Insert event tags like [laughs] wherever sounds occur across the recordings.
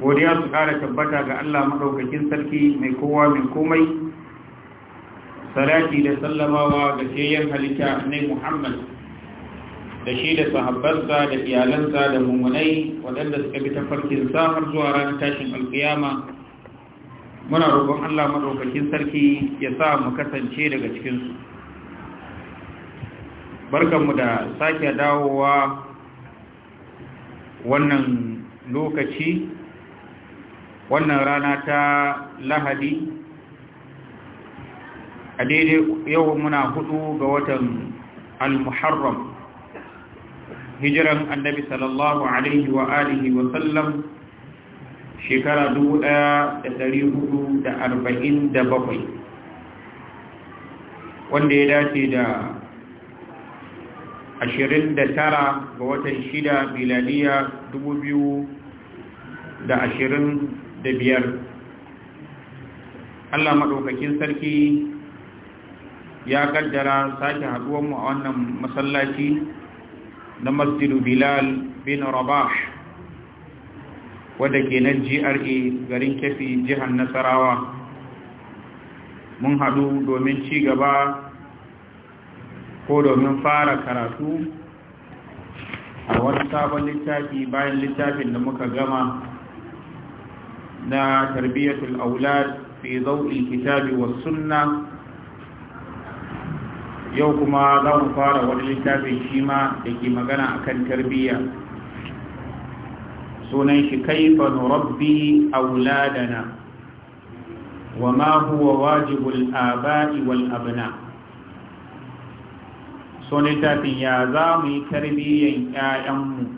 godiya su ƙara tabbata ga Allah maɗaukakin sarki mai kowa mai komai salati da sallamawa ga shayyar halitta ne Muhammad da shi da sahabbansa da iyalansa da mummunai waɗanda suka bi tafarkin har zuwa ranar tashin alƙiyama muna roƙon Allah maɗaukakin sarki ya sa mu kasance daga cikinsu barkanmu da sake dawowa wannan lokaci wannan rana ta lahadi a daidai yau muna hudu ga watan al-muharram hijiran annabi sallallahu alaihi wa alihi wa sallam shekara bakwai, wanda ya dace da ashirin da tara ga watan shida Biladiya dubu biyu da ashirin da biyar Allah maɗaukakin sarki ya kaddara sake haɗuwanmu a wannan masallaci na masjidu bilal bin rabah wadda ke nan gra garin kefi jihar nasarawa mun haɗu domin ci gaba ko domin fara karatu a wani sabon littafi bayan littafin da muka gama na tarbiyatul aulad fi zau'i kitabi wa sunna yau kuma za mu fara wani littafin shima ma da ke magana akan tarbiyya sunan shi kaifa nurabbi auladana wa ma huwa wajibul aba'i wal abna' so littafin ya za mu yi tarbiyyan 'ya'yanmu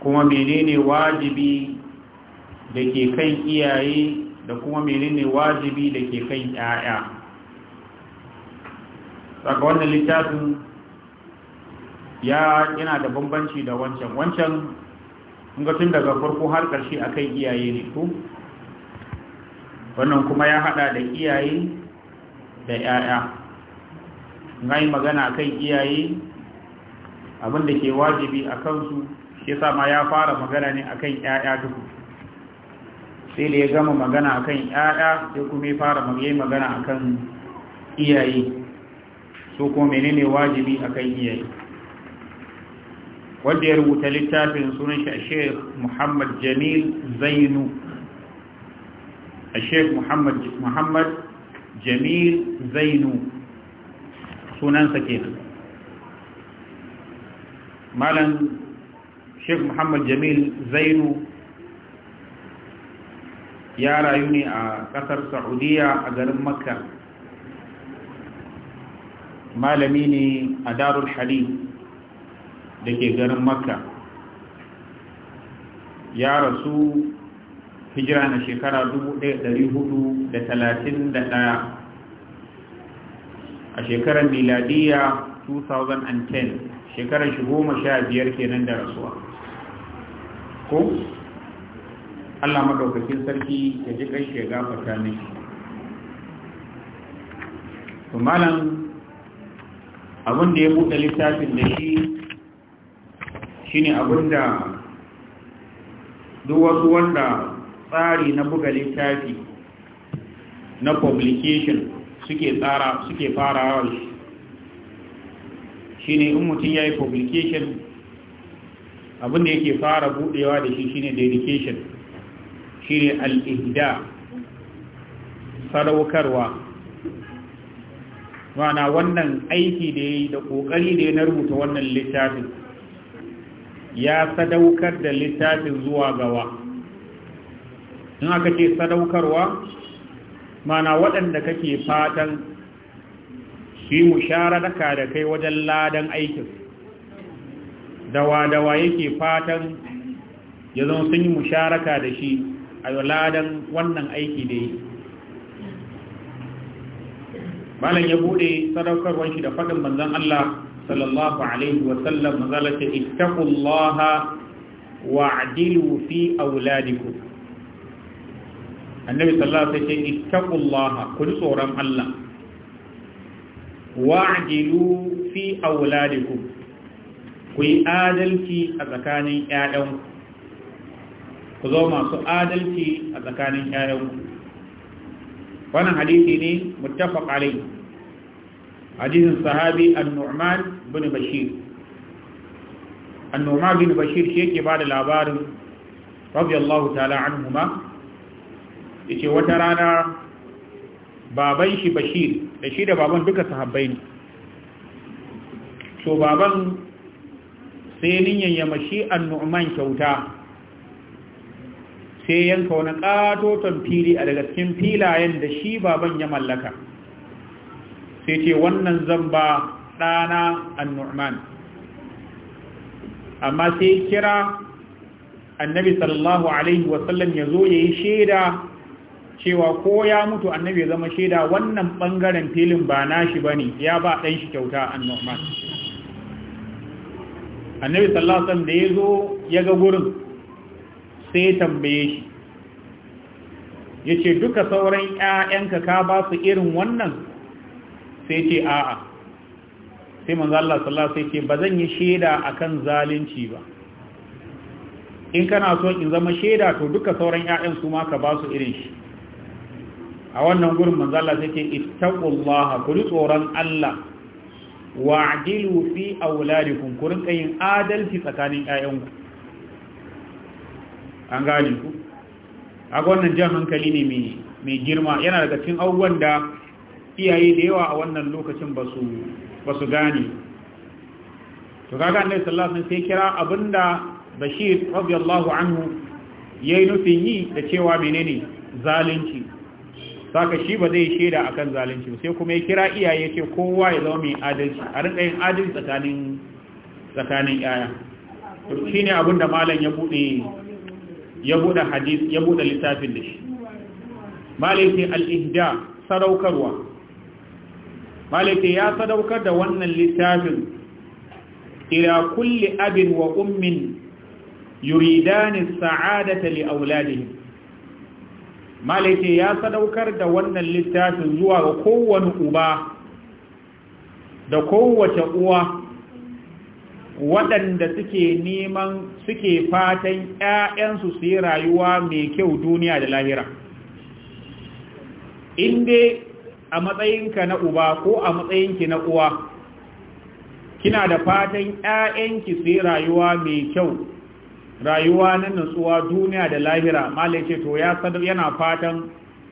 kuma menene wajibi da ke kan iyaye da kuma menene wajibi da ke kan ‘ya'ya saka wannan littafin ya yana da bambanci da wancan wancan tun daga farko har ƙarshe a kan iyaye ne ko wannan kuma ya hada da iyaye da ‘ya'ya yi magana kan iyaye abinda ke wajibi a kansu shi ma ya fara magana ne akan ‘ya'ya duk sai da ya gama magana akan yaya sai kuma ya fara magana akan iyaye so ko menene wajibi akan iyaye wanda ya rubuta littafin sunan shi a sheikh muhammad jamil zainu a sheikh muhammad, muhammad jamil zainu sunansa kenan malam sheikh muhammad jamil zainu ya rayu ne a ƙasar Sa'udiyya a garin makka malami ne a darul Hali da ke garin makka ya rasu hijira na shekara 1431 a shekarar miladiya 2010 shekarar shi goma sha biyar kenan da rasuwa ko Allah madaukakin sarki ya ji kai ya gafarta ne to malam abin da ya buɗe littafin da shi shine abin da duk wasu wanda tsari na buga littafi na publication suke tsara suke farawa shine in mutum ya yi publication abin da yake fara buɗewa da shi shine dedication shine al-ihda sadaukarwa mana wannan aiki da yayi da kokari da ya na rubuta wannan littafin ya sadaukar da littafin zuwa gawa in aka ce sadaukarwa mana waɗanda kake fatan shi mushararka da kai wajen ladan aikin dawa-dawa yake fatan ya zama sun yi musharaka da shi a ladan wannan aiki da yi malam ya bude sadaukarwar shi da faɗin manzan Allah sallallahu alaihi wasallam mazalata ittaqullaha wa'dilu fi auladikum annabi sallallahu alaihi wasallam ittaqullaha kun tsoron Allah wa'dilu fi auladikum ku yi adalci a tsakanin ƴaƴanku ku zo masu adalci a tsakanin ƴaƴanku wannan hadisi ne muttafaq alayhi hadisin sahabi an-nu'man bin bashir an-nu'man bin bashir shi yake bada labarin radiyallahu ta'ala anhuma yace wata rana baban shi bashir da shi da baban duka sahabbai ne to baban sai ninyan ya mashi an-nu'man kyauta sai yanka wani katoton fili a daga cikin filayen da shi baban ya mallaka sai ce wannan zan ba ɗana annu'man amma sai kira annabi sallallahu alaihi wasallam ya zo ya yi shaida cewa ko ya mutu annabi ya zama shaida wannan ɓangaren filin ba nashi ba ne ya ba ɗan shi kyauta annu'man annabi sallallahu alaihi wasallam da ya zo ya ga gurin sai tambaye shi ya ce duka sauran ‘ya'yanka ka ba su irin wannan sai ce a'a sai manzo Allah sallallahu sai ce ba zan yi shaida akan zalunci ba in kana so in zama shaida to duka sauran ‘ya'yan su ma ka ba su irin shi a wannan gurin manzo Allah sai ce ittaqullaha ku tsoron Allah wa'dilu fi auladikum ku rinka yin adalci tsakanin ‘ya'yanku an gane ku a wannan jan hankali ne mai girma yana daga cikin abubuwan da iyaye da yawa a wannan lokacin ba su gane to kaga annabi sallallahu alaihi sai kira abinda bashir radiyallahu anhu yayi nufin yi da cewa menene zalunci saka shi ba zai sheda akan zalunci sai kuma ya kira iyaye ce kowa ya zama mai adalci a rinka yin adalci tsakanin yaya to shine abinda malam ya buɗe. ya buɗe hadis ya buɗe littafin da shi malaikai al-ihda sadaukarwa malaikai ya sadaukar da wannan littafin ila kulli abin wa ummin yuridani sa'adata li auladihim malaikai ya sadaukar da wannan littafin zuwa ga kowane uba da kowace uwa waɗanda suke neman suke fatan ‘ya'yansu su yi rayuwa mai kyau duniya da lahira inda a matsayinka na uba ko a matsayinki na uwa kina da fatan ‘ya'yanki su yi rayuwa mai kyau rayuwa na nutsuwa duniya da lahira ce to ya yana fatan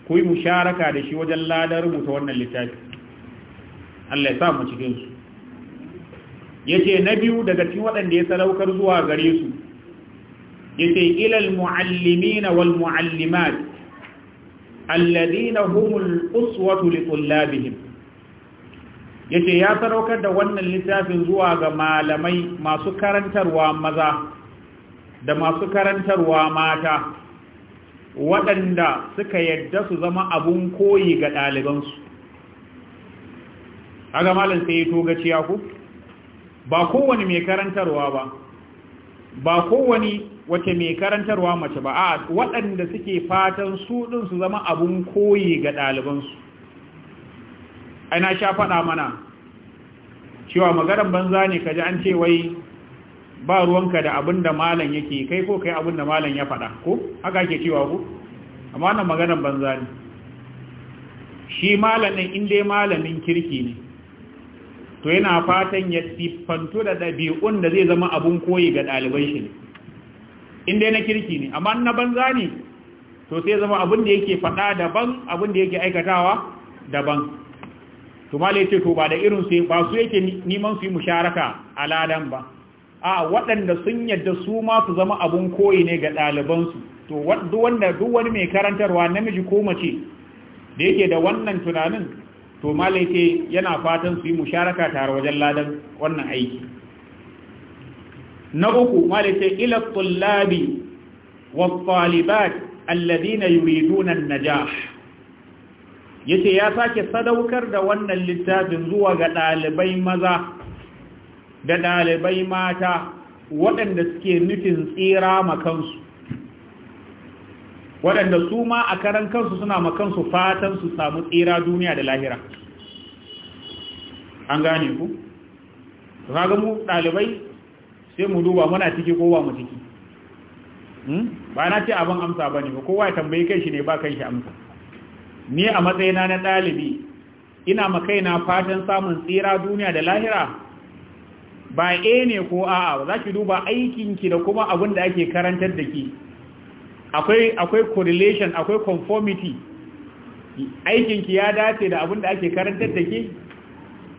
ku yi musharaka da shi wajen ladar rubuta wannan littafi Allah ya sa mu cikinsu yace na biyu daga cikin waɗanda ya sadaukar zuwa gare su yace ilal na wal muallimat alladhina humul uswatu li tullabihim yace ya sadaukar da wannan littafin zuwa ga malamai masu karantarwa maza da masu karantarwa mata waɗanda suka yadda su zama abun koyi ga ɗalibansu a ga malam sai ya toga ku ba kowane mai karantarwa ba ba kowane wace mai karantarwa mace ba a waɗanda suke fatan su ɗin su zama abun koyi ga ɗalibansu aina sha faɗa mana cewa magaran banza ne ka ji an ce wai ba ruwanka da abin da malam yake kai ko kai abin da malam ya faɗa ko haka ke cewa ku amma wannan magaran banza ne shi malamin in dai malamin kirki ne to yana fatan ya siffantu da ɗabi'un da zai zama abun koyi ga ɗaliban shi ne inda na kirki ne amma na banza ne to sai zama abin da yake faɗa daban abin da yake aikatawa daban to lai ce to ba da irin su ba su yake neman su yi musharaka a ladan ba a waɗanda sun yadda su ma su zama abun koyi ne ga ɗalibansu to wanda duk wani mai karantarwa namiji ko mace da yake da wannan tunanin to malai yana fatan su yi musharaka tare wajen ladan wannan aiki na uku malai ila tullabi wa talibat alladhina yuriduna najah yace ya sake sadaukar da wannan littafin zuwa ga dalibai maza da dalibai mata waɗanda suke nufin tsira makansu waɗanda su ma a karan kansu suna makansu fatan su samu tsira duniya da lahira an gane ku kaga mu ɗalibai sai mu duba muna ciki ko ba mu ciki hmm? ba na ce abin amsa ba ne ba kowa ya tambayi kai shi ne ba kai shi amsa ni a matsayina na ɗalibi ina kaina fatan samun tsira duniya da lahira ba a ne ko a'a ba za ki duba aikinki da kuma abin da ake karantar da ki akwai akwai correlation akwai conformity aikinki ya dace da abin da ake karantar da ke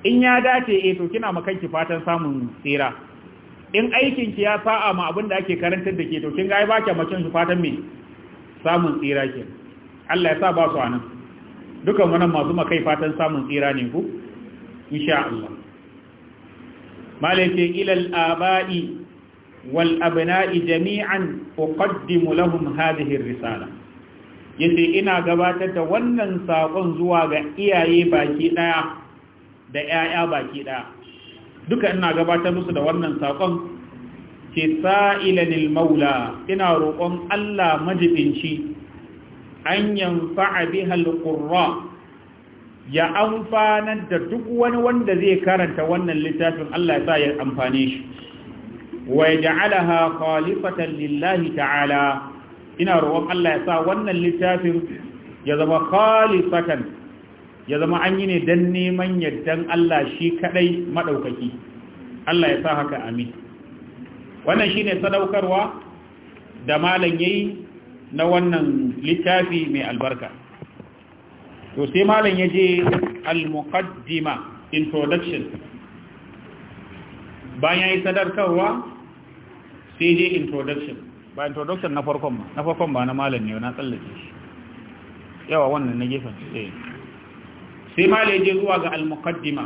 in ya dace eh to kina makanki fatan samun tsira in aikinki ya fa'a ma abin da ake karantar da ke to kin ga ai baki makin shi fatan me samun tsira ke Allah ya sa ba su anan dukan wannan masu makai fatan samun tsira ne ku insha Allah malaka ila al-aba'i والأبناء جميعا أقدم لهم هذه الرسالة yace ina gabatar da wannan sakon zuwa ga iyaye baki ɗaya da 'ya'ya baki ɗaya, duka ina gabatar musu da wannan sakon ke sa'ilanil maula ina roƙon Allah majibinci an yanfa'a biha alqurra ya amfanar da duk wani wanda zai karanta wannan littafin Allah ya sa ya amfane shi wa yaj'alaha khalifatan lillahi ta'ala ina roƙon Allah ya sa wannan littafin ya zama khalifatan ya zama an yi ne don neman yaddan Allah shi kadai maɗaukaki Allah ya sa haka amin wannan shi ne sadaukarwa da malam yayi na wannan littafi mai albarka to sai malam ya je al-muqaddima introduction bayan yi sadarkarwa sai dai introduction ba introduction na farkon ba na farkon ba na malam ne na tsallake shi yawa wannan na gefen eh. sai sai ya je zuwa ga al-muqaddima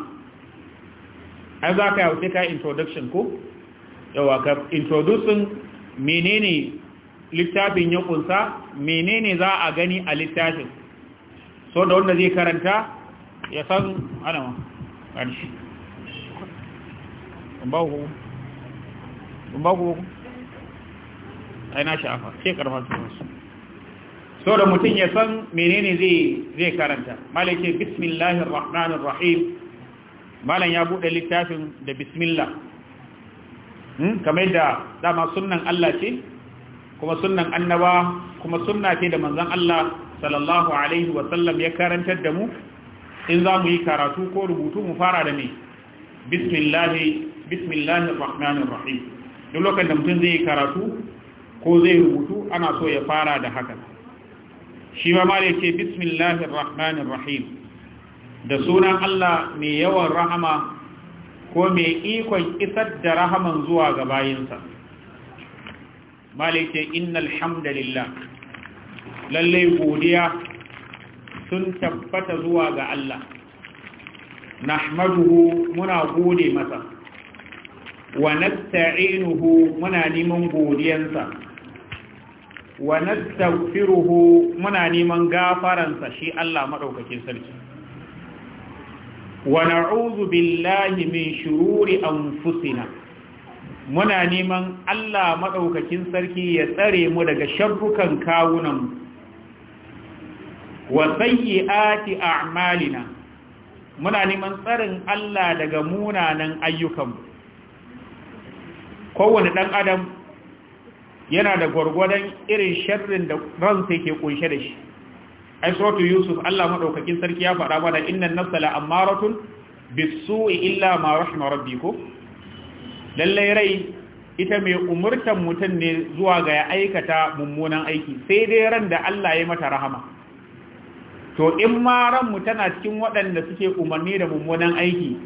ai za ka yi ka introduction ko yawa ka introducing menene littafin ya kunsa menene za a gani a littafin so da wanda zai karanta ya san ana ma ku ba ku ba ku ai na shafa sai karfa su so da mutum ya san menene zai zai karanta malai ce bismillahir rahmanir rahim malan ya bude littafin da bismillah hmm kamar da dama sunnan Allah ce kuma sunnan annaba kuma sunna ce da manzon Allah sallallahu alaihi wa sallam ya karantar da mu in za mu yi karatu ko rubutu mu fara da ne bismillahi bismillahir rahmanir rahim duk lokacin da mutum zai yi karatu ko zai rubutu ana so ya fara da haka shi ma mala ce bismillahir rahmanir rahim da sunan Allah mai yawan rahama ko mai ikon isar da rahaman zuwa ga bayinsa mala ce innal hamdalillah lalle godiya sun tabbata zuwa ga Allah nahmaduhu muna gode masa wa nasta'inuhu muna neman godiyansa wa nastaghfiruhu muna neman gafaransa shi Allah madaukakin sarki wa na'udhu billahi min shururi anfusina muna neman Allah madaukakin sarki ya tsare mu daga sharrukan kawunan wa sayyiati a'malina muna neman tsarin Allah daga munanan ayyukan kowane dan adam yana da gwargwadon irin sharrin da ransa yake kunshe da shi ai suratu yusuf Allah madaukakin sarki ya faɗa mana innan nafsa la amaratun bisu'i illa ma rahma rabbiku lalle rai ita mai umurtan mutum ne zuwa ga ya aikata mummunan aiki sai dai ran da Allah ya mata rahama to in ma ran mu tana cikin waɗanda suke umarni da mummunan aiki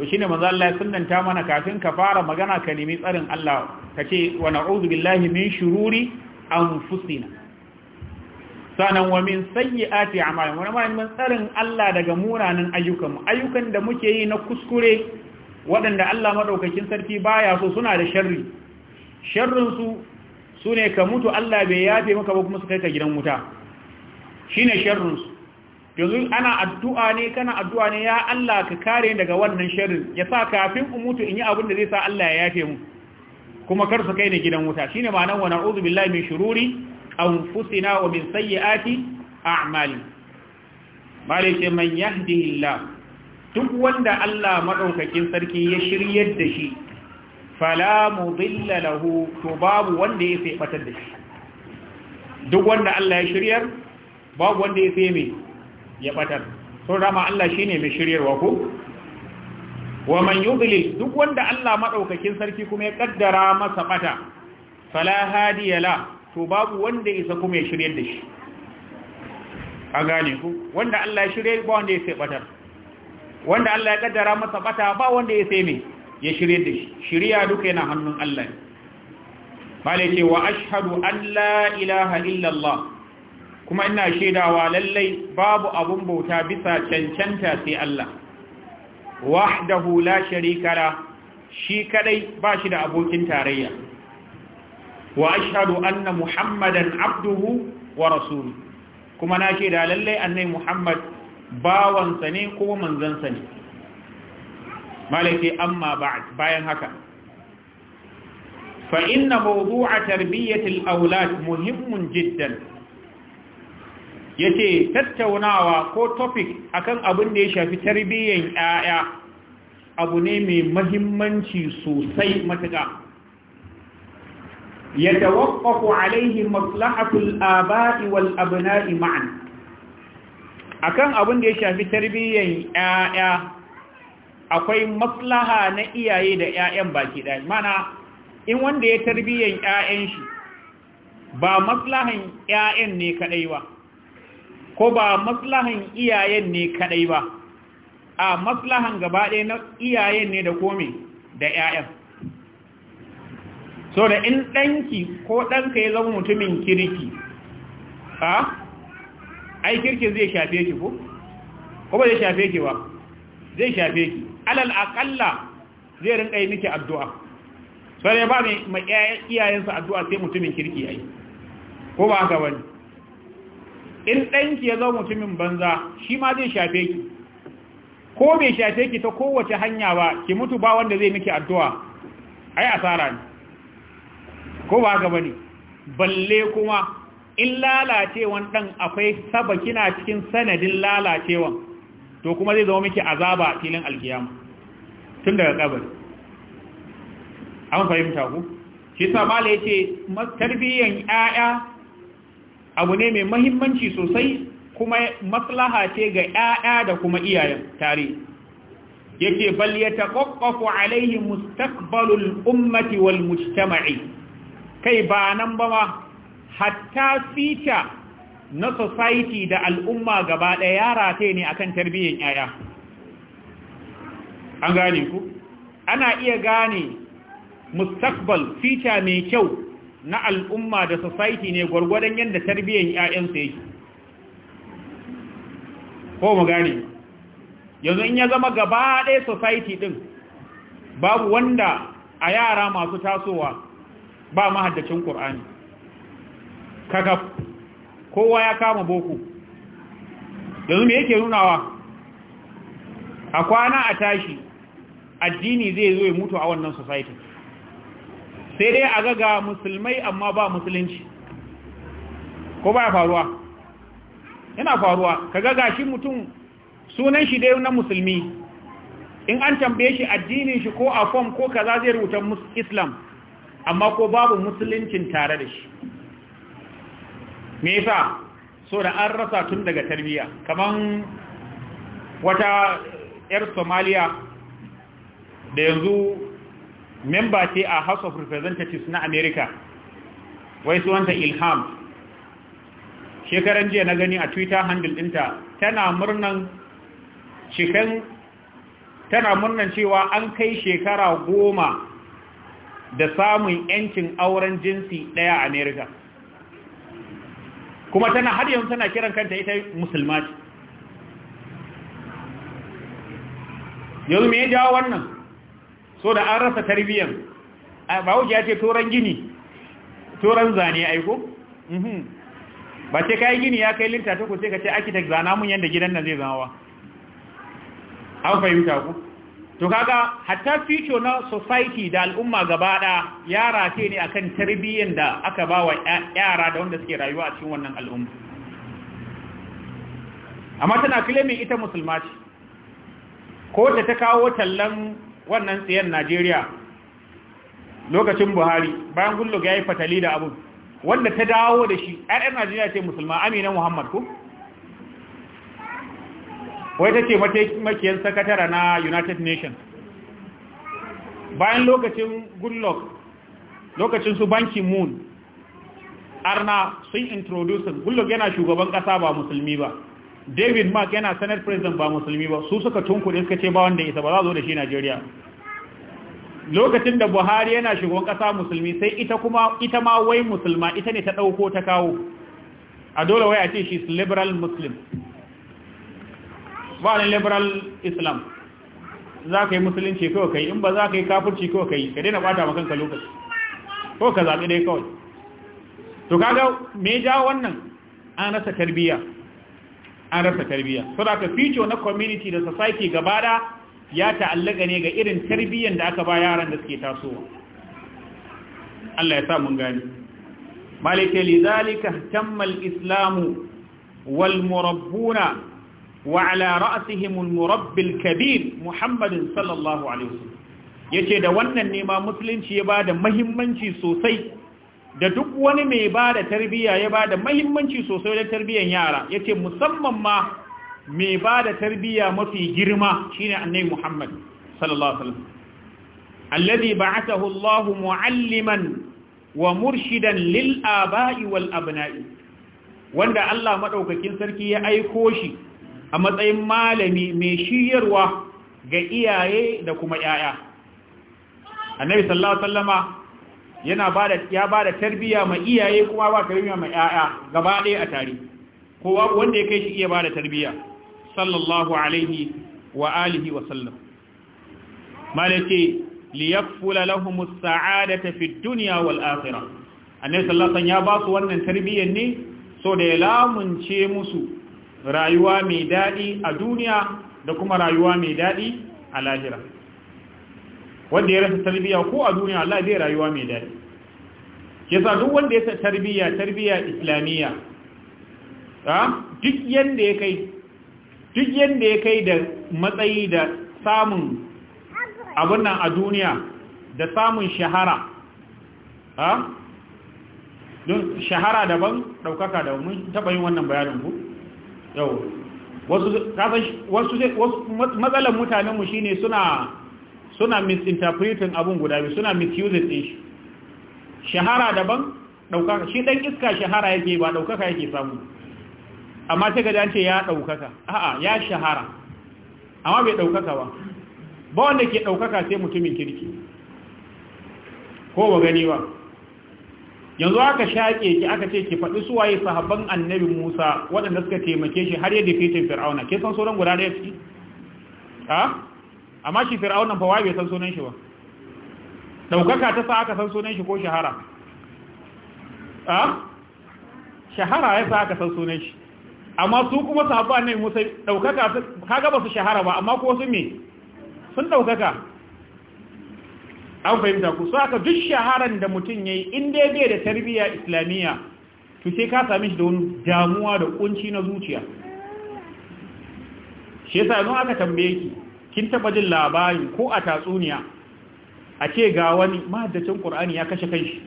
to shine manzo Allah ya sunnanta mana kafin ka fara magana ka nemi tsarin Allah kace wa na'udhu billahi min shururi anfusina sanan wa min sayyiati a'malina wa ma min tsarin Allah daga munanan ayyukan ayyukan da muke yi na kuskure waɗanda Allah madaukakin sarki baya so suna da sharri sharrin su sune ka mutu Allah bai yafe maka ba kuma su kai ka gidan wuta shine sharrin su yanzu ana addu'a ne kana addu'a ne ya Allah ka kare daga wannan shirin ya sa kafin in mutu in yi abin da zai sa Allah ya yafe mu kuma kar su kai ni gidan wuta shine ma'anar wani arzu billahi min an fusina wa min a a'mali ce man illa duk wanda Allah maɗaukakin sarki ya shiryar da shi fala mudilla lahu to babu wanda ya sai da shi duk wanda Allah ya shiryar babu wanda ya fi mai ya batar sun rama Allah shi ne mai shiryarwa ko wa man yudlil duk wanda Allah maɗaukakin sarki kuma ya ƙaddara masa bata fala ya la to babu wanda isa kuma ya shiryar da shi a gane ku wanda Allah ya shirye ba wanda ya sai batar wanda Allah ya ƙaddara masa bata ba wanda ya sai me ya shiryar da shi shiriya duka yana hannun Allah ne malai ce wa ashadu an la ilaha illallah kuma ina shaidawa lallai babu abun bauta bisa cancanta sai Allah wahdahu la sharika la shi kadai ba shi da abokin tarayya wa ashhadu anna muhammadan abduhu wa rasuluhu kuma na shaida lallai annai muhammad bawansa ne ko manzansa ne malaki amma ba'd bayan haka fa inna mawdu'a tarbiyatil aulad muhimmun jiddan yace tattaunawa ko topic akan abin da ya shafi tarbiyyar ƴaƴa abu ne mai mahimmanci sosai matuƙa yatawaqqafu alaihi maslahatul aba'i wal abna'i ma'an akan abin da ya shafi tarbiyyar ƴaƴa akwai maslaha na iyaye da ƴaƴan baki ɗaya mana in wanda ya tarbiyyar ƴaƴan shi ba maslahan ƴaƴan ne kadai ba ko ba maslahan iyayen ne kadai ba a maslahan gaba ɗaya na iyayen ne da kome da 'ya'yan so da in ɗanki ko ɗanka ya zama mutumin kirki ha ai kirki zai shafe ki ko ko ba zai shafe ki ba zai shafe ki alal aƙalla zai rinka yi miki addu'a sai ba mai iyayensa addu'a sai mutumin kirki yayi ko ba haka bane in ɗanki ya zama mutumin banza shi ma zai shafe ki ko bai shafe ki ta kowace hanya ba ki mutu ba wanda zai miki addu'a ai asara ne ko ba gaba ne balle kuma in lalacewan ɗan akwai saba kina cikin sanadin lalacewan to kuma zai zama miki azaba a filin alkiyama tun daga kabari an fahimta ku shi sa mala yace tarbiyyan yaya abu ne mai mahimmanci sosai kuma maslaha ce ga 'ya'ya da kuma iyayen tare yake bal yataqaffu alaihi mustaqbalul ummati wal mujtama'i kai ba nan ba ma hatta fita na society da al'umma gaba ɗaya yara ta ne akan tarbiyyar 'ya'ya an gane ku ana iya gane mustaqbal fita mai kyau na al'umma da society ne gwargwadon yadda tarbiyyar yayansa yake ko mu gane yanzu in ya zama gaba ɗaya society ɗin babu wanda a yara masu tasowa ba mahaddacin ƙur'ani kaga kowa ya kama boko yanzu me yake nunawa a kwana a tashi addini zai zo ya mutu a wannan society sai dai a gaga ga musulmai amma ba musulunci ko ba faruwa yana faruwa Ka gaga shi mutum sunan shi dai na musulmi in an tambaye shi addinin shi ko a fom ko kaza zai rubuta islam amma ko babu musuluncin tare da shi me yasa so da an rasa tun daga tarbiyya Kamar wata yar somaliya da yanzu memba ce a house of representatives na america wai suwanta ilham shekaran jiya na gani a twitter handle dinta tana murnan cikin tana murnan cewa an kai shekara goma da samun yancin auren jinsi daya a america kuma tana har yanzu tana kiran kanta ita musulmaci yanzu me ya jawo wannan so da an rasa tarbiyyar ba wuce ya ce turan gini turan zane aiko mhm. ba ce kayan gini ya kai linta ta ku ka ce architect zana mun yadda gidan nan zai zama ba an fahimta ku to kaga hatta fito na society da al'umma gaba da yara ce ne akan tarbiyyar da aka ba wa yara da wanda suke rayuwa a cikin wannan al'umma amma tana kilemin ita musulma ko da ta kawo tallan wannan tsayen najeriya lokacin buhari bayan gullug ya yi fatali da abu wanda ta dawo da shi yayan najeriya ce musulma amina muhammad ko wai ta ce mataimakiyar sakatara na united nations bayan lokacin Goodluck lokacin su banki moon arna sun introducing Goodluck yana shugaban ƙasa ba musulmi ba david mark yana sanar president ba musulmi ba su suka kudin suka ce ba wanda isa ba za zo da shi najeriya lokacin da buhari yana shigon ƙasa musulmi sai ita kuma ita ma wai musulma ita ne ta ɗauko ta kawo a dole wai a ce shi liberal muslim ba ne liberal islam za ka yi musulunci kawai kai in ba za ka yi kafurci kawai kai ka daina bata kanka lokaci ko ka zaɓi dai kawai to kaga me ja wannan an rasa tarbiyya an rasa tarbiyya so da ka na community da society gaba ya ta'allaka ne ga irin tarbiyyan da aka ba yaran da suke tasowa Allah ya sa mun gani malike lidhalika tamma islam wal murabbuna wa ala ra'sihim al-murabbi al-kabir Muhammad sallallahu alaihi wasallam yace da wannan ne ma musulunci ya bada muhimmanci sosai da duk wani mai ba da tarbiyya ya ba da mahimmanci sosai da tarbiyyar yara ya ce musamman ma mai ba da tarbiyya mafi girma shine annai muhammad sallallahu alaihi wasallam mu'alliman wa murshidan lil aba'i wal abna'i wanda allah madaukakin sarki ya aiko shi a matsayin malami mai shiyarwa ga iyaye da kuma yaya annabi sallallahu alaihi wasallama yana bada ya bada tarbiya ma iyaye kuma ba tarbiya ma yaya gaba ɗaya a tare kowa wanda ya kai shi iya bada tarbiya sallallahu alaihi wa alihi wa sallam malaki liyakfula lahum as-sa'adata fi dunya wal akhirah annabi sallallahu alaihi ya ba su wannan tarbiyyar ne so da ya lamunce musu rayuwa mai dadi a duniya da kuma rayuwa mai dadi a lahira wanda ya rasa tarbiya ko a duniya Allah zai rayuwa mai daɗi yasa duk wanda ya sa tarbiya tarbiya islamiyya a duk yanda ya kai duk yanda ya kai da matsayi da samun abin nan a duniya da samun shahara a don shahara daban ɗaukaka da mun taɓa yin wannan bayanin ku yau wasu matsalar mutanenmu shine suna suna misinterpreting abun guda biyu suna misusing din shi shahara daban daukaka shi dan iska shahara yake ba daukaka yake samu amma sai ga an ce ya daukaka a'a ya shahara amma bai daukaka ba ba wanda ke daukaka sai mutumin kirki ko ba gani ba yanzu aka shaƙe ki aka ce ki faɗi suwaye sahabban annabi Musa waɗanda suka taimake shi har ya defeat Fir'auna ke san sauran guda ɗaya ciki a amma shi nan fa wai bai san sunan shi ba daukaka ta sa aka san sunan shi ko shahara a shahara ya sa aka san sunan shi amma su kuma sahabba annabi Musa daukaka kaga ba su shahara ba amma ko su me sun daukaka an fahimta ku su aka duk shaharan da mutum yayi inda ya biya da tarbiyya islamiyya to sai ka sami shi da wani damuwa da kunci na zuciya shi yasa yanzu aka tambaye ki kin taba jin labarin ko a tatsuniya a ce ga wani mahaddacin qur'ani ya kashe kanshi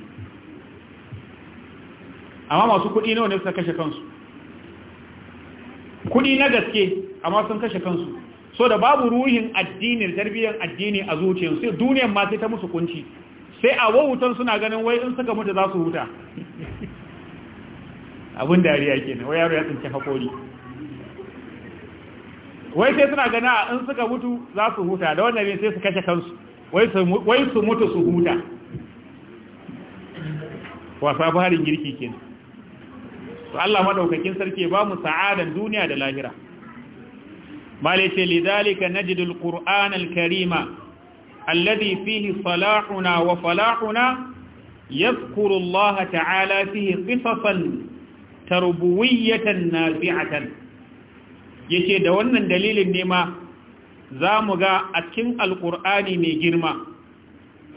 amma masu kuɗi nawa ne suka kashe kansu kuɗi na gaske amma sun kashe kansu so da babu ruhin addinin tarbiyyar addini a zuciyarsu sai duniyar ma sai ta musu kunci sai a wautan suna ganin wai in suka mutu za su huta [laughs] abin dariya kenan wai yaro ya tsinci hakori wai sai suna gani a in suka mutu za su huta da wannan ne sai su kashe kansu wai su mutu su huta wasa barin girki kenan su Allah madaukakin sarki ba mu sa'adar duniya da lahira malice na najidul qur'ana alkarima alladhi fihi salahuna wa falahuna yadhkuru ta'ala fihi qisasan tarbawiyatan nafi'atan yake da wannan dalilin nema ma za mu ga a cikin alkur'ani mai girma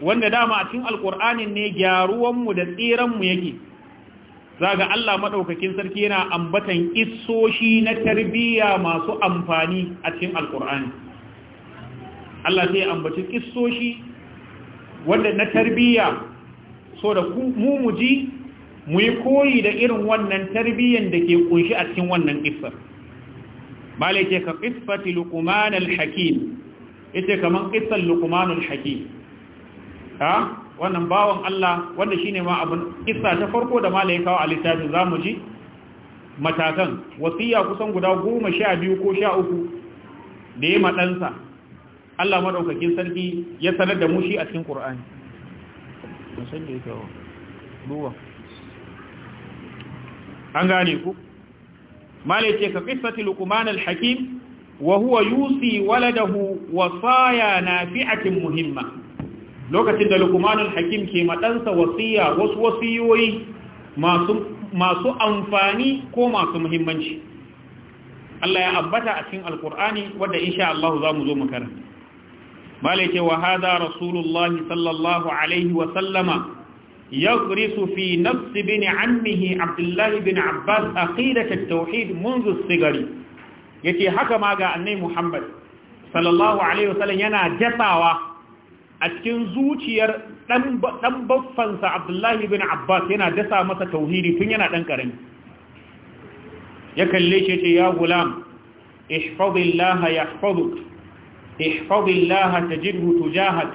wanda dama a cikin alkur'anin ne gyaruwanmu da mu yake za ga Allah maɗaukakin sarki yana ambatan isoshi na tarbiyya masu amfani a cikin alkur'ani Allah sai ambaci isoshi wanda na tarbiyya so da mu muji mu yi koyi da irin wannan tarbiyyan da ke kunshi a cikin wannan isar malai ce ka kisfati luqman al-hakim ita kaman qissal luqman hakim ha wannan bawon Allah wanda shine ma abun kissa ta farko da malai kawo a littafin zamu ji matakan wasiya kusan guda 12 ko 13 da ya madansa Allah madaukakin sarki ya sanar da mu shi a cikin Qur'ani an gane ku malai ce ka qissati luqman al-hakim wa huwa yusi waladahu wasaya nafi'atin muhimma lokacin da luqman alhakim hakim ke madansa wasiya wasu wasiyoyi masu masu amfani ko masu muhimmanci Allah ya abbata a cikin alkur'ani wadda insha Allah za mu zo mu karanta malai ce wa hadha sallallahu alaihi wa sallama يغرس في نفس بن عمه عبد الله بن عباس عقيدة التوحيد منذ الصغر يتي حكى ما قال أني محمد صلى الله عليه وسلم ينا جساوة أتكن زوجير تنبفنس عبد الله بن عباس ينا جسا مسا توحيدي تنينا تنكرن يكن ليش يتي يا غلام احفظ الله يحفظك احفظ الله تجده تجاهك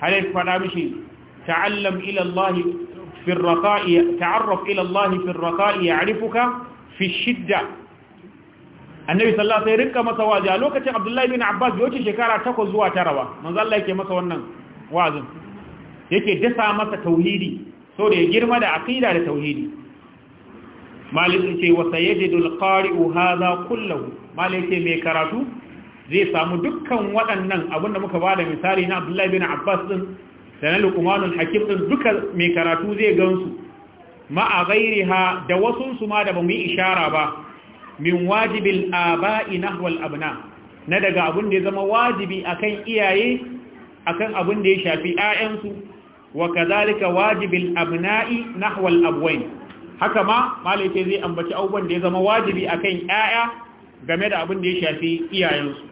هل يفعل مشي ta'allam ila Allah fi ar-raqa'i ta'arraf ila Allah fi shidda annabi sallallahu alaihi rinka masa wazi a lokacin abdullahi bin abbas yau shekara takwas zuwa tara ba manzo Allah masa wannan wazin yake dasa masa tauhidi so da ya girma da aqida da tauhidi malik yace wa sayajidu al-qari'u hadha kullahu malik yace mai karatu zai samu dukkan waɗannan abinda muka bada misali na abdullahi bin abbas din sanan luqmanul hakim duka mai karatu zai gansu ma'a ha da wasun su ma da bamu yi ishara ba min wajibil aba'i nahwal abna na daga abun da ya zama wajibi akan iyaye akan abun da ya shafi 'ya'yansu, wa kazalika wajibil abna'i nahwal abwain haka ma malaike zai ambaci abubuwan da ya zama wajibi akan 'ya'ya game da abun da ya shafi iyayensu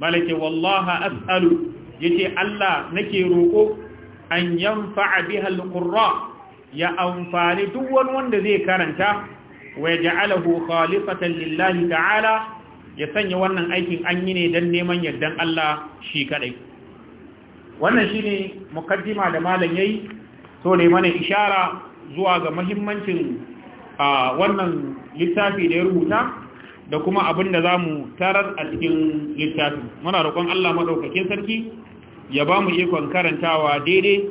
malaike wallaha as'alu yace Allah nake roƙo an yanfa'a biha alqurra ya amfani duk wani wanda zai karanta wa ja'alahu khalifatan lillahi ta'ala ya sanya wannan aikin an yi ne dan neman yardan Allah shi kadai wannan shine mukaddima da malam yayi so ne mana ishara zuwa ga muhimmancin wannan littafi da ya rubuta da kuma abin da za mu tarar a cikin littafin muna roƙon Allah maɗaukakin sarki ya ba mu ikon karantawa daidai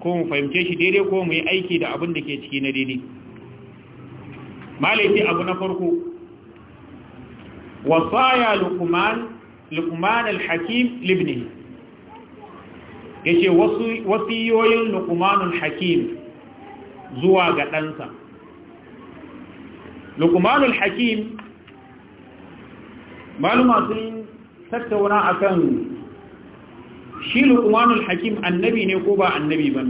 ko mu fahimce shi daidai ko mu yi aiki da abin da ke ciki na daidai malaiti abu na farko wasaya lukuman al-hakim libni yace wasiyoyin lukumanul hakim zuwa ga ɗansa lukumanul hakim maluma sun tattauna a kan shi lukumanul hakim annabi ne ko ba annabi ba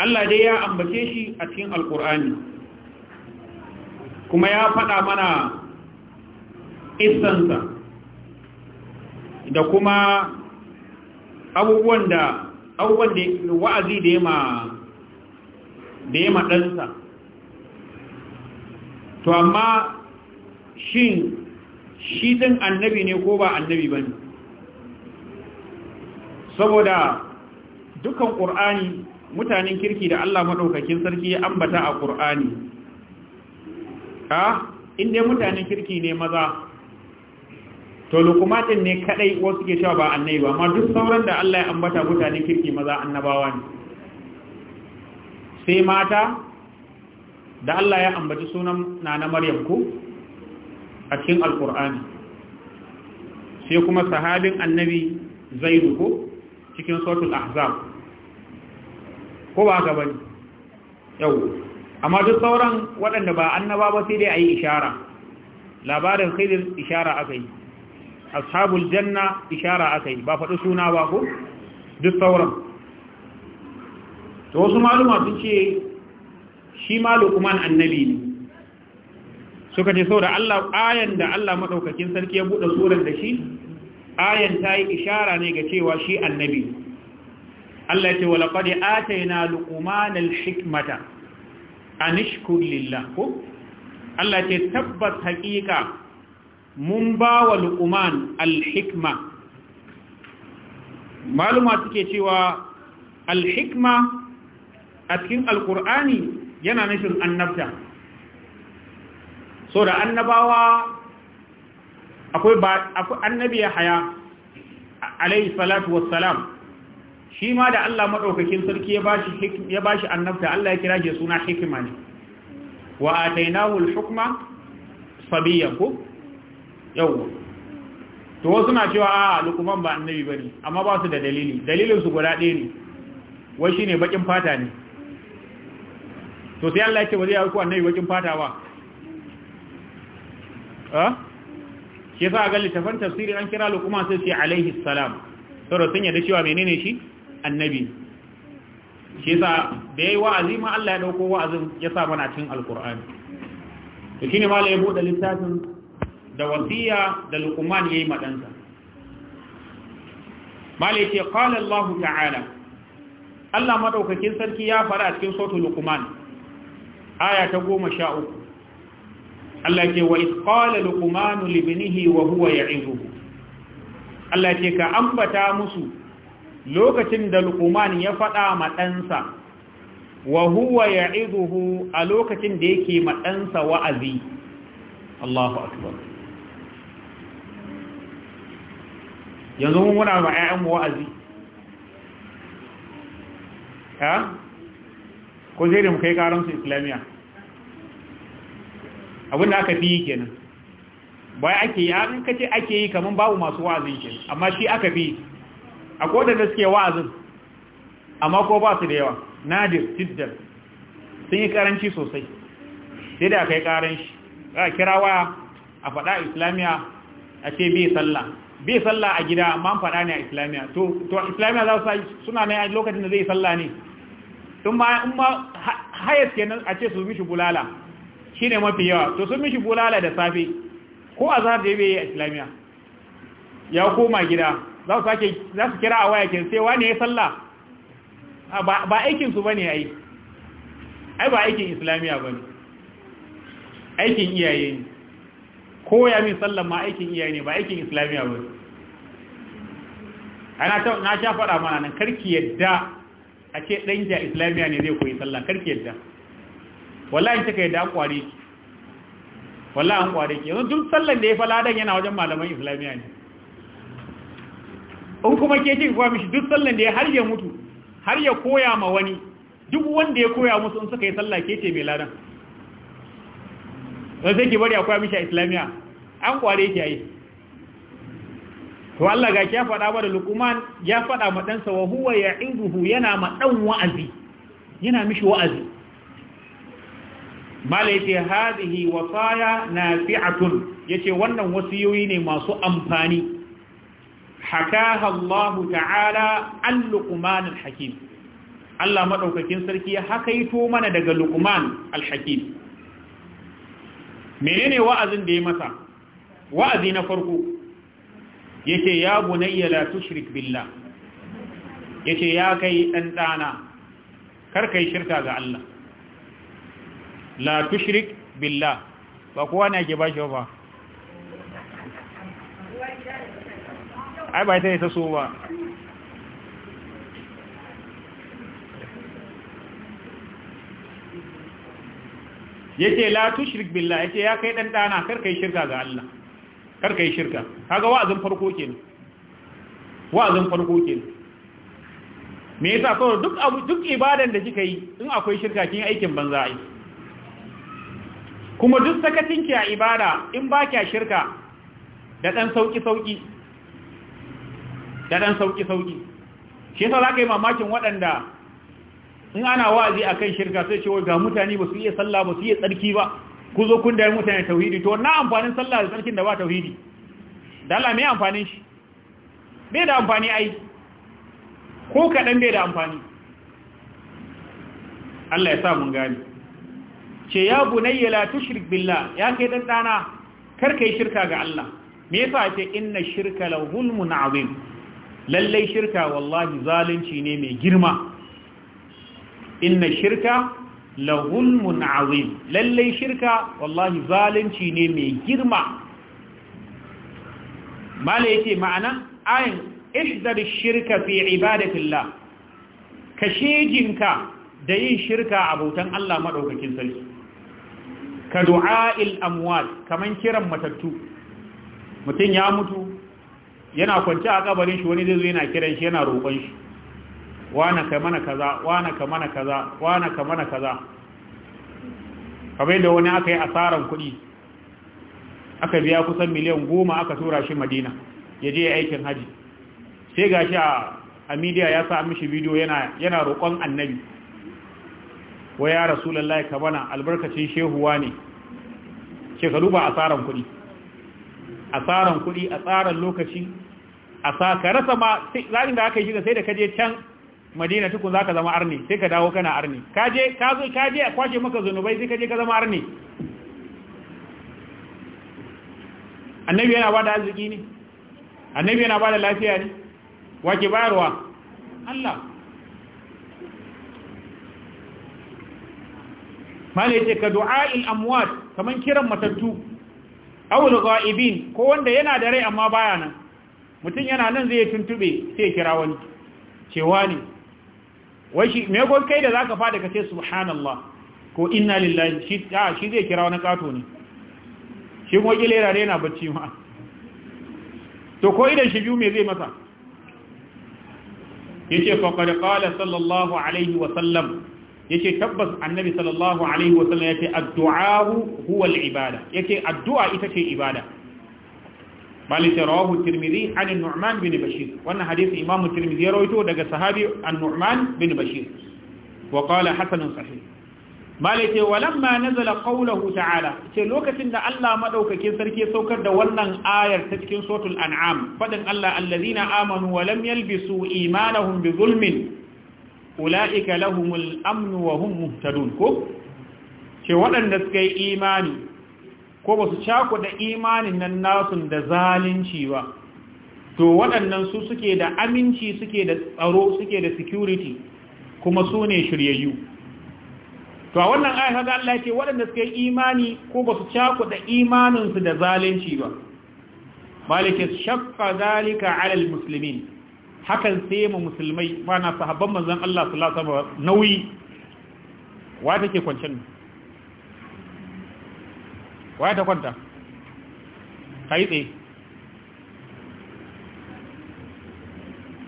Allah dai ya ambace shi a cikin alkur'ani kuma ya faɗa mana istansa da kuma abubuwan da abubuwan da wa'azi da yama da ɗansa to amma shin shi din annabi ne ko ba annabi ba ne saboda dukan ƙur'ani mutanen kirki da Allah maɗaukakin sarki ya ambata a ƙur'ani ha inda mutanen kirki ne maza to lukumatin ne kadai wasu ke cewa ba annabi ba amma duk sauran da Allah ya ambata mutanen kirki maza annabawa ne sai mata da Allah ya ambaci sunan nana Maryam ko a cikin alkur'ani sai kuma sahabin annabi zai ko cikin sautul ahzab ko ba haka bane yau amma duk sauran waɗanda ba annaba ba sai dai a yi ishara labarin khidir ishara aka yi ashabul janna ishara aka yi ba faɗi suna ba ko duk sauran to wasu maluma sun ce shi ma luqman annabi ne suka ce saboda Allah ayan da Allah maɗaukakin sarki ya buɗe surar da shi ayan ta yi ishara ne ga cewa shi annabi Allah ce wala qad atayna luqman al-hikmata an ishkur ko Allah ce tabbas haƙiƙa mun ba wa alhikma. al maluma suke cewa alhikma a cikin alkur'ani yana nufin annabta so da annabawa akwai annabi ya haya alaihi salatu wassalam shi ma da Allah maɗaukakin sarki ya ba shi annabta Allah ya kira shi suna hikima ne wa a tainahul hukma sabiya ko yau to wasu na cewa a lukuman ba annabi ba ne amma ba su da dalili dalilinsu guda ɗaya ne wai shi ne baƙin fata ne to sai Allah ya ce ba zai yi annabi baƙin fata ba shi yasa ga littafan tafsiri an kira lokuma sai ce alaihi salam saboda sun yadda cewa menene shi annabi shi sa da yayi wa'azi ma Allah ya dauko wa'azin ya sa mana cikin alqur'ani to shine malai ya bude littafin da wasiya da lokuman yayi madansa malai ce qala Allah ta'ala Allah madaukakin sarki ya fara cikin suratul lokuman aya ta 13 Allah ce wa isqala luqmanu libinihi, ibnihi wa huwa ya'izuhu Allah ce ka ambata musu lokacin da luqman ya faɗa ma ɗansa wa huwa ya'izuhu a lokacin da yake ma ɗansa wa'azi Allahu akbar yanzu mun muna ba ƴaƴan wa'azi ha ko zai mu kai karansu islamiyya. Abin da aka fi yi kenan bai ake yi an kace ake yi kaman babu masu wa'azin ke amma shi aka fi a kodan da suke wa'azin amma ko ba su da yawa nadir tiddar sun yi karanci sosai sai da aka yi karanci a kira waya a faɗa islamiya a ce bai sallah bai sallah a gida amma faɗa ne a islamiya to islamiya za su suna ne a lokacin da zai sallah ne tun ma hayas kenan a ce su mishi bulala shine mafi yawa to sun mishi bulala da safe ko azhar da bai yi a islamiya ya koma gida za su sake za su kira a waya kin sai wani ya sallah ba aikin su bane ai ai ba aikin islamiya bane aikin iyaye ne ko ya min sallan ma aikin iyaye ne ba aikin islamiya bane ana ta na sha fada mana nan karki yadda a ce danja islamiya ne zai koyi sallah karki yadda wallahi ta yadda an kware ki wallahi an kware ki yanzu duk sallan da ya fa ladan yana wajen malaman islamiya ne in kuma ke kika kwa mishi duk sallan da ya har ya mutu har ya koya ma wani duk wanda ya koya musu in suka yi sallah ke ce mai ladan don sai ki bari a mishi a islamiya an kware ki a yi to Allah ga ya faɗa ba da lukuman ya faɗa ma ɗansa wa huwa ya iduhu yana ma ɗan wa'azi yana mishi wa'azi mala yace na wasaya tun. yace wannan wasiyoyi ne masu amfani hakaha Allah ta'ala an luqman al Allah maɗaukakin sarki ya hakaito mana daga lukuman al menene wa'azin da ya masa wa'azi na farko yace ya bunayya la tushrik billah yace ya kai dan dana kar yi shirka ga Allah la tushrik billah ba kowa ne ake shi ba ai ba ita ta so ba yake la tushrik billah yake ya kai dan dana kar kai shirka ga Allah kar kai shirka kaga wa'azin farko kenan wa'azin farko kenan me yasa kawai duk abu duk ibadan da kika yi in akwai shirka kin aikin banza ai kuma duk sakatinki a ibada in ba kya shirka da ɗan sauƙi-sauƙi da ɗan sauƙi-sauƙi shi yasa za ka yi mamakin waɗanda in ana wa'azi a kan shirka sai cewa ga mutane ba su iya sallah ba su iya tsarki ba ku zo kun dare mutane tauhidi to na amfanin sallah da tsarkin da ba tauhidi dala Allah mai amfanin shi bai da amfani ai ko kaɗan bai da amfani Allah ya sa mun gani ce ya bunayya la tushrik billah ya kai dan dana kar kai shirka ga Allah me yasa ce inna shirka la zulmun azim lallai shirka wallahi zalunci ne mai girma inna shirka la zulmun azim lallai shirka wallahi zalunci ne mai girma mala yake ma'anan ayin ihdar shirka fi ibadatillah ka shejinka da yin shirka abotan Allah madaukakin sarki ka du'a'il amwal kaman kiran matattu mutum ya mutu yana kwanci a kabarin shi wani zai zo yana kiran shi yana roƙon shi wana ka mana kaza wana ka mana kaza wana ka mana kaza kamar da wani aka yi asaran kuɗi aka biya kusan miliyan goma aka tura shi madina ya je aikin haji sai ga shi a midiya ya sa mishi bidiyo yana roƙon annabi wai ya rasulullahi ka bana albarkacin shehuwa ne ce ka duba asaran kuɗi asaran kuɗi tsaron lokaci a sa ka rasa ma zarin da aka yi shiga sai da kaje can madina tukun za ka zama arni sai ka dawo kana arni kaje ka zo kaje a kwashe maka zunubai sai kaje ka zama arni annabi yana bada arziki ne annabi yana bada lafiya ne wake bayarwa Allah mala yace ka du'a'il amwat kaman kiran matattu aw al-ghaibin ko wanda yana da rai amma baya nan mutum yana nan zai tuntube sai kira wani cewa ne wai shi me gon kai da zaka fada ka ce subhanallah ko inna lillahi shi a shi zai kira wani kato ne shi kuma kila yana yana bacci ma to ko idan shi biyu me zai masa yace faqad qala sallallahu alaihi wa sallam yake tabbas annabi sallallahu alaihi wasallam yake addu'a huwa al-ibada yake addu'a ita ce ibada malik rawahu tirmidhi an nu'man bin bashir wannan hadisi imamu tirmidhi ya rawaito daga sahabi an-nu'man bin bashir wa qala hasan sahih malik wa nazala qawluhu ta'ala ce lokacin da Allah madaukakin sarki saukar da wannan ayar ta cikin suratul an'am fadin Allah allazina amanu wa lam yalbisu imanahum bi zulmin ula'ika lahumul amnu wa hum muhtadun ko ce waɗanda suka yi imani ko ba su cakuɗa imanin nan nasun da zalunci ba to waɗannan su suke da aminci suke da tsaro suke da security kuma su ne shiryayyu to a wannan ayat kaga Allah ce waɗanda suka yi imani ko ba su cakuɗa imaninsu da zalunci ba malike shaqqa zalika 'ala al-muslimin hakan sai mu musulmai mana sahabban manzon Allah sallallahu alaihi wasallam nauyi wa take kwancin wa ta kwanta kai tsaye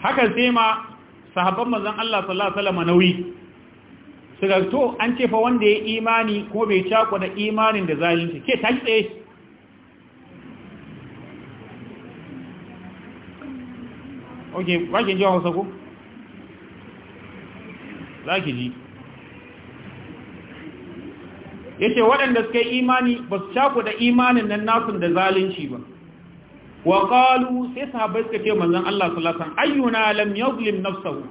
hakan sai ma sahabban manzon Allah sallallahu alaihi wasallam nauyi suka to an ce fa wanda ya imani ko bai cako da imanin da zalunci ke tashi tsaye kuke ba ki ji ya ce waɗanda suka yi imani ba su shaku da imanin nan nasun da zalunci ba wa ƙalu sai sahabai suka ce manzan Allah su lasan ayyuna lam yaglim nafsahu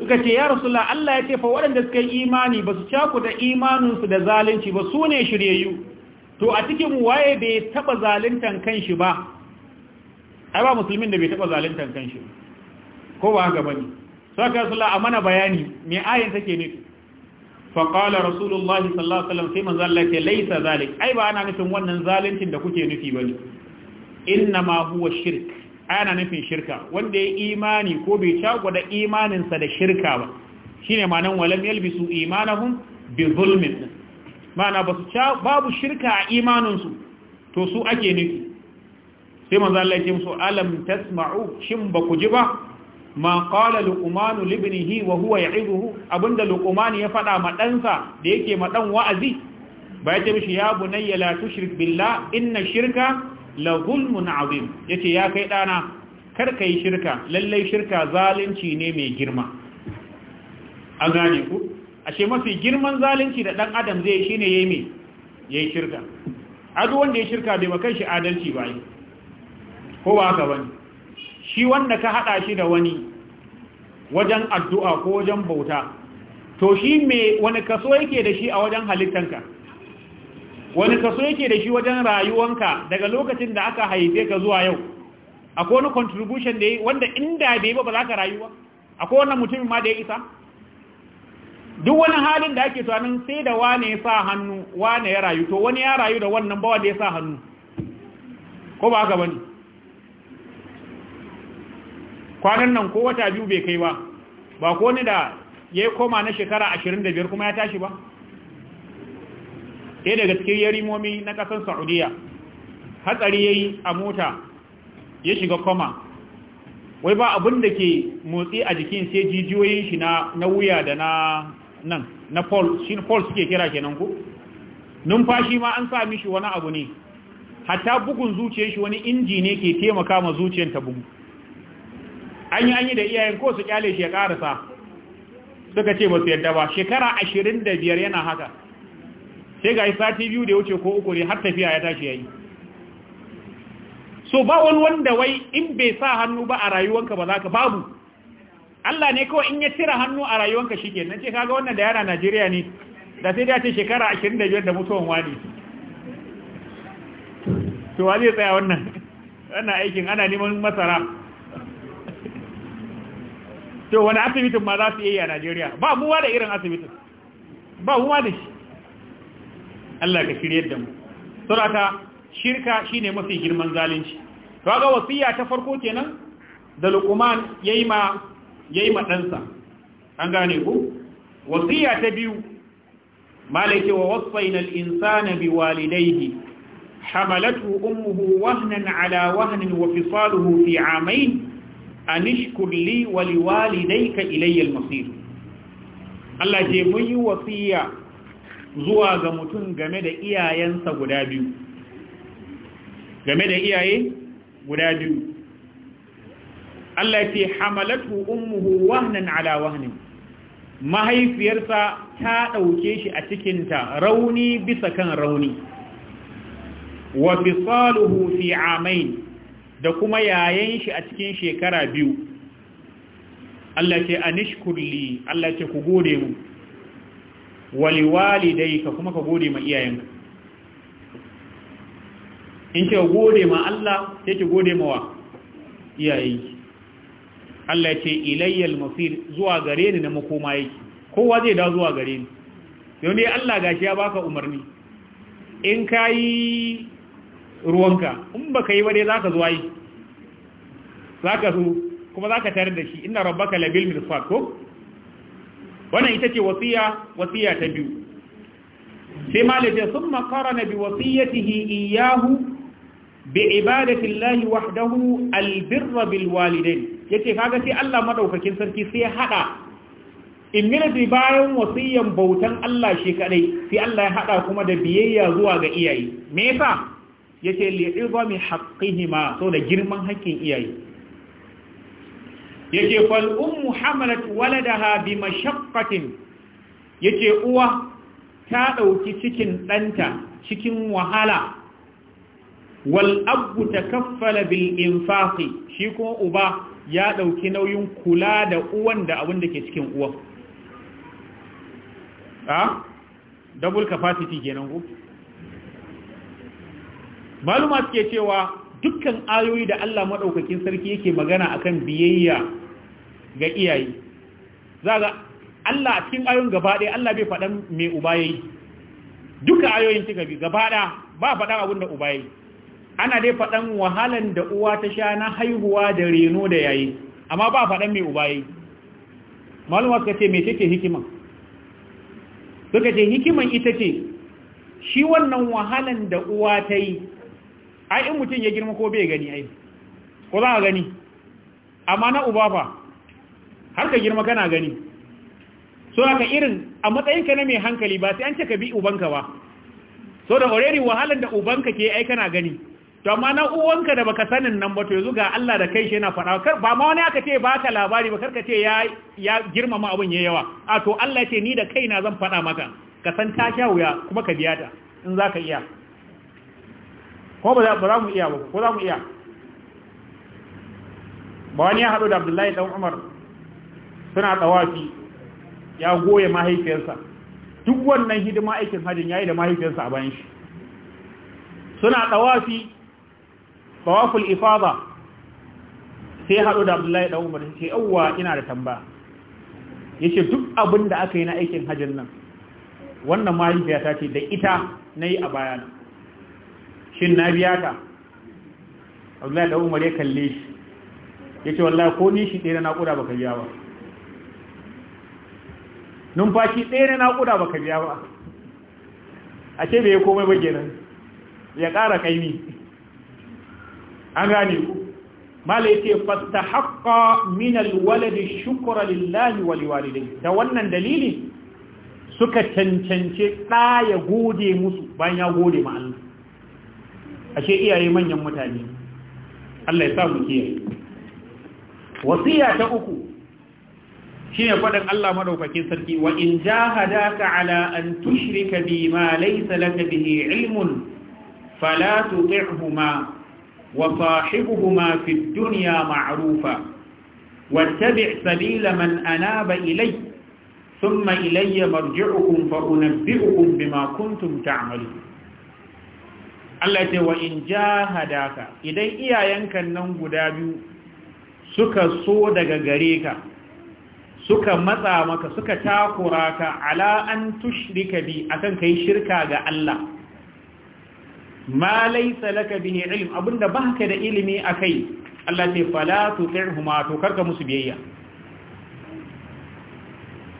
suka ce ya rasula Allah ya ce fa waɗanda suka yi imani ba su shaku da imaninsu da zalunci ba su ne shiryayyu to a cikin waye bai taɓa zaluntan kanshi ba ai ba musulmin da bai taba zaluntar kanshi ko ba haka bane saka sallallahu a mana bayani me ayin take ne fa qala rasulullahi sallallahu alaihi wasallam sai man Allah laysa zalik ai ba ana nufin wannan zaluncin da kuke nufi bane inna ma huwa shirk ana nufin shirka wanda ya imani ko bai imanin imaninsa da shirka ba shine ma'anan walam yalbisu imanahum bi zulmin ma'ana babu shirka a imaninsu to su ake nufi sai manzo Allah yake musu alam tasma'u shin ba ku ji ba ma qala luqman li ibnihi wa huwa ya'iduhu abinda luqman ya fada ma ɗansa da yake ma dan wa'azi ba ya mishi ya bunayya la tushrik billah inna shirka la zulmun azim yace ya kai dana kar kai shirka lalle shirka zalunci ne mai girma an gane ku ashe mafi girman zalunci da dan adam zai shine yayi me yayi shirka azu wanda ya shirka bai makan shi adalci ba yi ko ba haka bane shi wanda ka hada shi da wani wajen addu'a ko wajen bauta to shi me wani kaso yake da shi a wajen halittanka wani kaso yake da shi wajen rayuwanka daga lokacin da aka haife ka zuwa yau akwai wani contribution da yi wanda inda bai ba ba za ka rayuwa akwai wannan mutumin ma da ya isa duk wani halin da ake tunanin sai da wane ya sa hannu wane ya rayu to wani ya rayu da wannan bawa da ya sa hannu ko ba haka bane kwanan nan ko wata biyu bai kai ba ba ko ni da ya koma na shekara 25 kuma ya tashi ba ɗaya daga cikin yarimomi na ƙasar saudiya hatsari ya yi a mota ya shiga koma wai ba abin da ke motsi a jikin sai jijiyoyin shi na wuya da na nan na paul shi paul suke kira kenan ku numfashi ma an sa mishi wani abu ne hatta bugun zuciyar shi wani inji ne ke taimaka ma zuciyar ta bugu an yi an yi da iyayen ko su kyale shi ya karasa suka ce ba su yadda ba shekara ashirin da biyar yana haka sai ga sati biyu da wuce ko uku ne har tafiya ya tashi ya yi so ba wani wanda wai in bai sa hannu ba a rayuwanka ba za ka babu Allah ne kawai in ya cira hannu a rayuwanka shi ke na ce kaga wannan da yana Najeriya ne da sai da ce shekara ashirin da biyar da mutuwan wani to wa zai tsaya wannan wannan aikin ana neman masara to wani asibitin ma za su iya a Najeriya ba mu da irin asibitin ba mu ma da shi Allah ka shirye da mu saboda shirka shine mafi girman zalunci to ga wasiya ta farko kenan da luquman yayi ma yayi ma ɗansa an gane ku wasiya ta biyu malaki wa wasaina al-insana biwalidayhi حملته أمه وهنا على وهن وفصاله في عامين anishkur li wa liwalidayka ilayya al-masir Allah ce mun wasiya zuwa ga mutum game da iyayensa guda biyu game da iyaye guda biyu Allah ce hamalatu ummuhu wahnan ala wahnin mahaifiyarsa ta ɗauke shi a cikinta rauni bisa kan rauni wa fisaluhu fi amain da kuma yayan shi a cikin shekara biyu Allah ce anishkurli Allah ce ku gode mu ka kuma ka gode ma iyayenka in ce gode ma Allah ce ki gode ma wa iyayenki Allah ce ilayyal masir zuwa gare ni na makoma yake kowa zai dawo zuwa gare ni yau ne Allah gashi ya baka umarni in yi. ruwanka in baka yi ba dai zaka zuwa yi zaka zo kuma zaka tare da shi inna rabbaka labil mirsad ko wannan ita ce wasiya wasiya ta biyu sai sun summa qarana bi wasiyatihi iyyahu bi ibadati llahi wahdahu albirra bil walidain yace kaga sai Allah madaukakin sarki sai hada bi bayan wasiyan bautan Allah shi kadai sai Allah ya hada kuma da biyayya zuwa ga iyaye me yasa yace li'izami haqqihima so da girman haƙƙin iyaye yace fal ummu hamalat waladaha bi mashaqqatin yace uwa ta dauki cikin danta cikin wahala wal abu takaffala bil infaqi shi kuma uba ya dauki nauyin kula da uwan da abin da ke cikin uwa. a ah? double capacity kenan ko maluma suke cewa dukkan ayoyi da Allah maɗaukakin sarki yake magana akan biyayya ga iyaye za ga Allah a cikin ayoyin gaba ɗaya Allah bai faɗan mai uba yayi duka ayoyin cika bi gaba ɗaya ba faɗan abin da uba yayi ana dai faɗan wahalan da uwa ta sha na haihuwa da reno da yayi amma ba faɗan mai uba yayi maluma suka ce me ce hikiman suka ce hikiman ita ce shi wannan wahalan da uwa ta yi ai in mutum ya girma ko bai gani ai ko za a gani amma na uba fa har ka girma kana gani so haka irin a matsayinka na mai hankali ba sai an ce ka bi ubanka ba so da already wahalar da ubanka ke ai kana gani to amma na uwanka da baka sanin nan ba to yanzu ga Allah da kai shi yana faɗa ba ma wani aka ce ba ka labari ba karka ce ya ya girmama abin yayi yawa a to Allah ya ce ni da kaina zan faɗa maka ka san ta sha wuya kuma ka biya ta in zaka iya ko ba za mu iya ba ko za mu iya ba wani ya haɗu da abdullahi ɗan umar suna tsawafi ya goya mahaifiyarsa duk wannan hidima aikin hajjin ya yi da mahaifiyarsa a bayan shi suna tsawafi tsawaful ifada sai haɗu da abdullahi ɗan umar sai yawwa ina da tambaya ya ce duk abin da aka yi na aikin hajjin nan wannan mahaifiyata ce da ita na yi a nan. shin na biya ka abdullahi da umar ya kalle shi ya ce wallah ko ni shi ɗaya na naƙuda ba ka biya ba numfashi ɗaya na naƙuda ba ka biya ba a ce bai komai ba gina ya ƙara ƙaimi an gane ku mala ya ce fasta haƙƙa minal waladi shukura lillahi dai, da wannan dalili suka cancance ɗaya gode musu bayan ya gode ma'allu ashe iyaye manyan mutane Allah ya sa mu kiyaye wasiya ta uku shine faɗin Allah madaukakin sarki wa in jahadaka ala an tushrika bi ma laysa laka bihi ilmun fala tuti'huma wa sahibuhuma fid dunya ma'rufa wattabi' sabila man anaba ilay thumma ilayya marji'ukum fa unabbi'ukum bima kuntum ta'malun Allah ce wa in jahadaka idan iyayenka nan guda biyu suka so daga gare ka suka matsa maka suka takura ka ala an tushrika bi akan kai shirka ga Allah ma laysa laka bihi ilm abinda baka da ilimi akai Allah ce fala tutirhuma to karka musu biyayya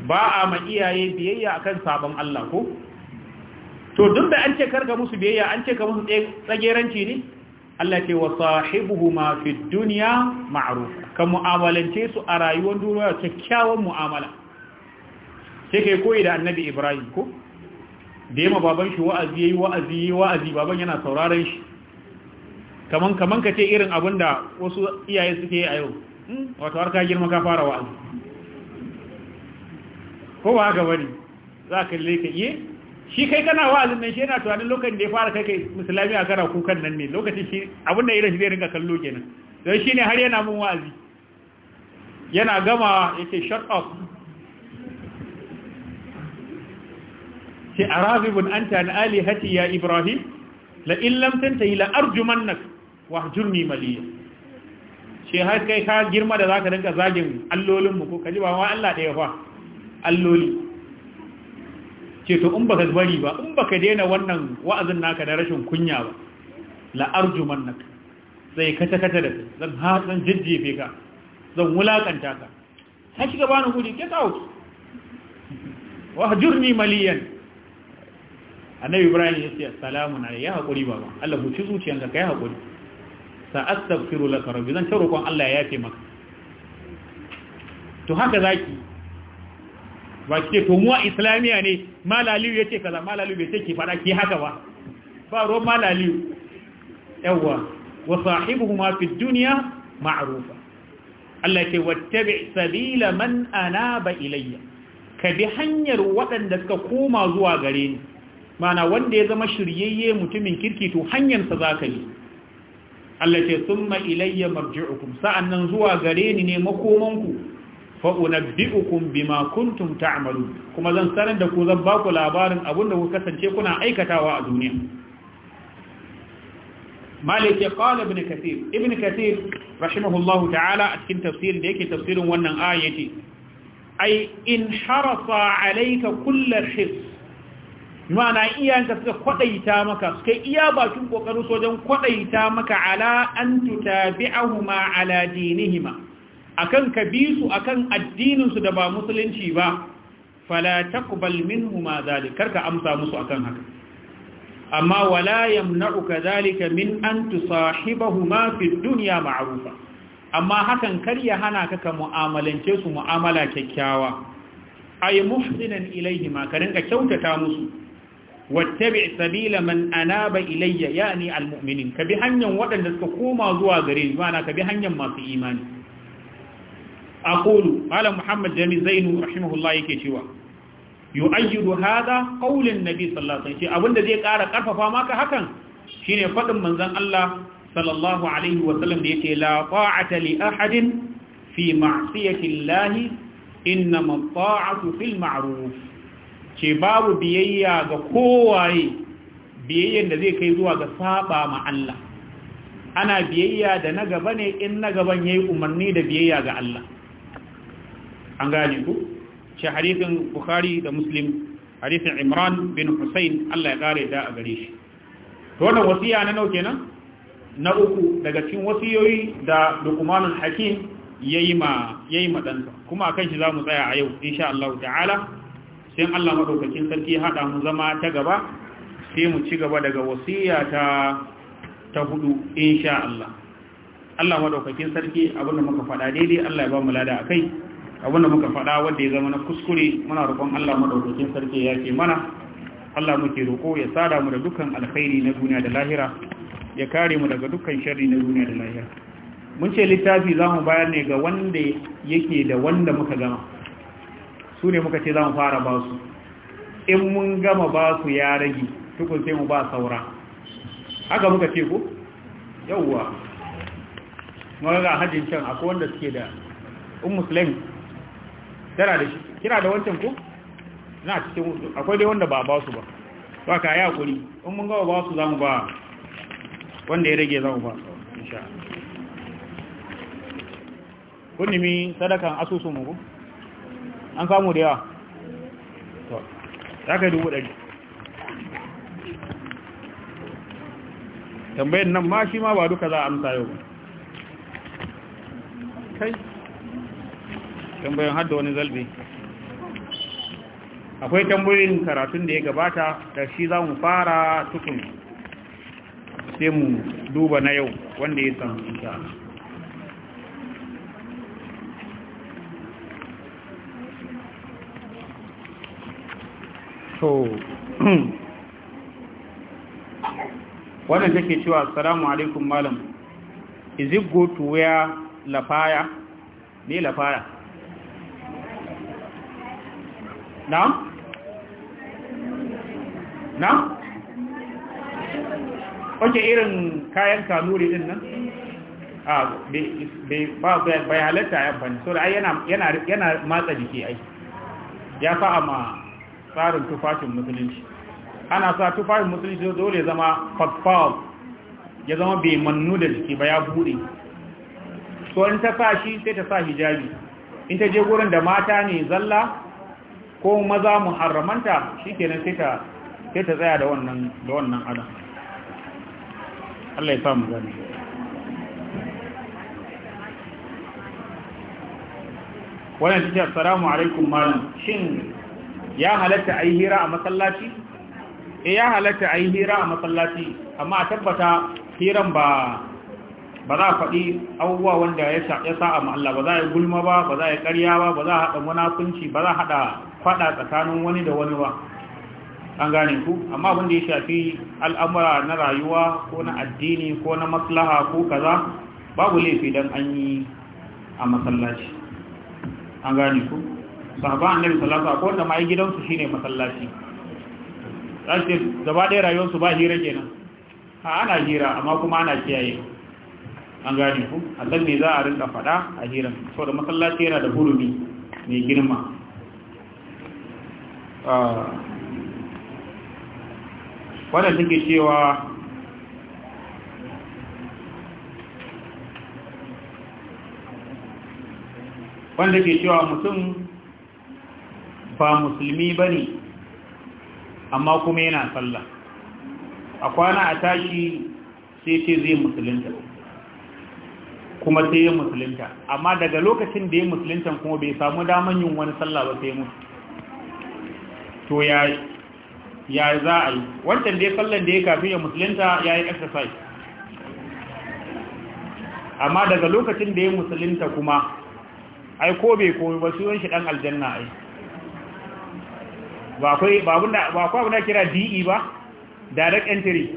ba a ma iyaye biyayya akan sabon Allah ko to duk da an ce karka musu biyayya an ce ka musu tsageranci ne Allah ce wa sahibuhuma fi dunya ma'ruf ka mu'amalance su a rayuwar duniya kyakkyawan mu'amala sai kai koyi da annabi Ibrahim ko da yamma baban shi wa'azi yayi wa'azi yayi wa'azi baban yana sauraron shi kaman kaman ce irin abinda wasu iyaye suke yi a yau hmm, wato har ka girma ka fara wa'azi ko ba ga bari za ka leka iye shi kai kana wa'azin nan shi yana tunanin lokacin da ya fara kai kai musulmi a kara kukan nan ne lokacin shi abin da yi rashi zai ringa kallo kenan don shi ne har yana mun wa'azi yana gama yake shut up ce a razibin an ta ali hati ya ibrahim la illam tantahi la arjumannak wa hajurni maliya ce har kai ka girma da za ka rinka zagin allolinmu ko kaji ba wa Allah ɗaya fa alloli ce to in baka bari ba in baka daina wannan wa'azin naka da rashin kunya ba la arjumannak sai kata kata da zan ha zan jajjefe ka zan wulakanta ka sai shiga bani guri get out wahjurni maliyan annabi ibrahim ya ce assalamu na ya hakuri baba Allah ci kai hakuri sa astaghfiru laka rabbi zan ta roƙon Allah ya yafe maka to haka zaki ba ki ce mu islamiya ne malaliyu ya ce kaza malaliyu bai ce ki fada ki haka ba ba ruwan malaliyu yawwa wa sahibuhuma fi duniya ma'arufa. Allah ce bi sabila man anaba ilayya ka bi hanyar waɗanda suka koma zuwa gare ni mana wanda ya zama shiryayye mutumin kirki to hanyarsa za ka yi Allah ce sun ilayya marji'ukum sa'an nan zuwa gare ni ne makomanku fa'unabbi'ukum bima kuntum ta'malu kuma zan sanar da ku zan ba ku labarin abinda ku kasance kuna aikatawa a duniya malik ya qala ibn kathir ibn kathir rahimahullahu ta'ala a cikin tafsirin da yake tafsirin wannan aya yace ai in harasa kulla kullu his na iyayenka suka kwadaita maka suka iya bakin kokarin wajen kwadaita maka ala an tutabi'ahuma ala dinihima akan ka bi su akan addininsu da ba musulunci ba fala taqbal minhum zalik karka amsa musu akan haka amma wala yamna'uka zalika min an tusahibahuma fi dunya ma'rufa amma hakan kar ya hana ka ka mu'amalance su mu'amala kyakkyawa ay muhsinan ilayhima ka rinka kyautata musu wattabi sabila man anaba ilayya yani almu'minin ka bi hanyar waɗanda suka koma zuwa gare ni ka bi hanyar masu imani Akulu malam muhammad jami zainu rahimahullah yake cewa yu'ayyidu haza qaulun nabi sallallahu alaihi abinda zai ƙara karfafa maka hakan shine fadin manzon Allah sallallahu da yake la ta'ata li ahadin fi ma'siyati Allah innama ta'atu fil ma'ruf ce babu biyayya ga kowaye biyayyan da zai kai zuwa ga saɓa ma Allah ana biyayya da na gaba ne in na gaban yayi umarni da biyayya ga Allah an gane ku ce hadisin bukhari da muslim hadisin imran bin husayn Allah ya kare da a gare shi to wannan wasiya na nau kenan na uku daga cikin wasiyoyi da luqmanul hakim yayi ma yayi ma dansa kuma kan shi zamu tsaya a yau insha Allah ta'ala sai Allah madaukakin sarki hada mu zama ta gaba sai mu ci gaba daga wasiya ta ta hudu insha Allah Allah madaukakin sarki abinda muka faɗa daidai Allah ya ba mu lada kai. abinda muka faɗa wanda ya zama na kuskure muna roƙon Allah madaukakin sarki ya ce mana Allah muke roƙo ya sada mu da dukkan alkhairi na duniya da lahira ya kare mu daga dukkan sharri na duniya da lahira mun ce littafi za mu bayar ne ga wanda yake da wanda muka gama su ne muka ce za mu fara ba su in mun gama ba su ya rage tukun sai mu ba saura haka muka ce ko yawwa mu ga hajjin can akwai wanda suke da Un muslim tana da shi kina da wancan ku na cikin akwai dai wanda ba ba su ba ba ka ya kuri in mun gawa ba su zamu ba wanda ya rage zamu ba insha kun nemi sadakan asusun mu an samu da yawa to ka kai dubu ɗari tambayin nan ma shi ma ba duka za a amsa yau ba kai tambayin hada wani zalbe akwai tambayin karatun da ya gabata da shi za mu fara tukun sai mu duba na yau wanda ya samu isa so [clears throat] wannan take cewa assalamu alaikum malam is it good to wear lafaya ne lafaya na'am na'am oke irin kayan kanuri dinnan? nan bai halarta ya bani so da yana matsa jiki ai ya fa'a ma tsarin tufafin musulunci ana sa tufafin musulunci dole zama fatfal ya zama bai mannu da jiki ba ya buɗe so in ta sa shi sai ta sa hijabi in ta je gurin da mata ne zalla ko maza muharramanta shikenan sai ta sai ta tsaya da wannan da wannan adam Allah ya sa mu gani wannan tace assalamu alaikum malam shin ya halatta ayi hira a masallaci eh ya halatta ayi hira a masallaci amma a tabbata hiran ba ba za a faɗi abubuwa wanda ya sa'a ma'alla Allah ba za a yi gulma ba ba za a yi ƙarya ba ba za a haɗa munafunci ba za a haɗa fada tsakanin wani da wani ba an gane ku amma abin da ya shafi al'amura na rayuwa ko na addini ko na maslaha ko kaza babu laifi dan an yi a masallaci an gane ku sahaba annabi sallallahu alaihi wasallam ma yi gidansu shine masallaci sai gaba ɗaya rayuwarsu ba hira kenan a ana hira amma kuma ana kiyaye an gane ku a ne za a rinka faɗa a hiran saboda masallaci yana da hurumi mai girma Ah. wadda suke cewa wanda ke cewa mutum ba musulmi ba ne amma kuma yana sallah a kwana a tashi sai ce zai musulunta kuma sai yi musulunta amma daga lokacin da ya musulunta kuma bai samu daman yin wani sallah ba sai mutu to ya ya za a yi wancan dai sallan da ya kafin ya musulunta ya yi exercise amma daga lokacin da ya musulunta kuma ai ko bai koyi ba suyon shi dan aljanna ai ba kai ba abu na kira DE ba direct entry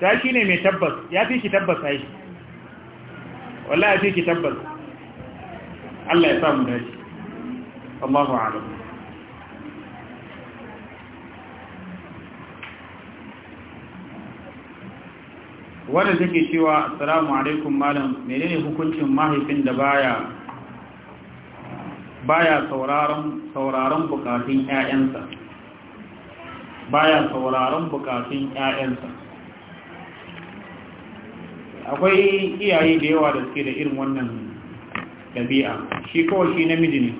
ta shi ne mai tabbas ya fi shi tabbas ai wallahi ya fi shi tabbas Allah ya samu dace Allahu a'lam wanda take cewa assalamu alaikum malam menene hukuncin mahaifin da baya baya sauraron sauraron bukatun ƴaƴansa baya sauraron bukatun ƴaƴansa akwai iyaye da yawa da suke da irin wannan dabi'a shi kawai shi namiji ne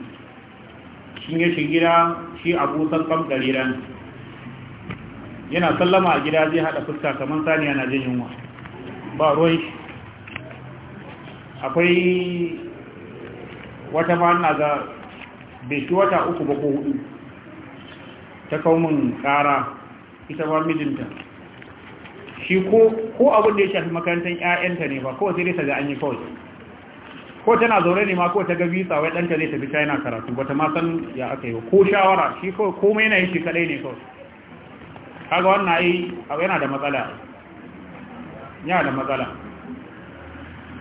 shi ya shi gida shi abu sakam ɗariran yana sallama a gida zai haɗa fuska kamar saniya na jin yunwa ba ruwan shi akwai wata ma'ana ga beki wata uku ba ko hudu ta kaumin kara ita ba mijinta shi ko abin da ya shafi makarantar 'ya'yanta ne ba kowace sai dai ta ga an yi kawai ko tana zaune ne ma ko ta gabi tsawai ɗanta ta tafi china karatu ba ta ma san ya aka yi ko shawara shi kawai komai na yi shi kadai ne kawai kaga wannan yi yana da matsala ya da matsala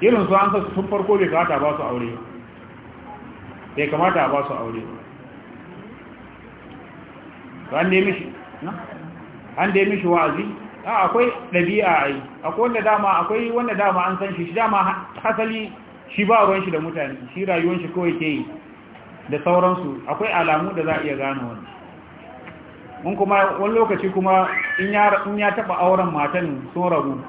irin su an sassu sun farko bai kamata ba su aure bai kamata ba su aure an da ya an nemi wa'azi a akwai ɗabi'a a yi akwai wanda dama akwai wanda dama an san shi shi dama hasali shi ba ruwan shi da mutane shi rayuwan shi kawai ke yi da sauransu akwai alamu da za a iya gane wani mun kuma wani lokaci kuma in ya taɓa auren matan sun rabu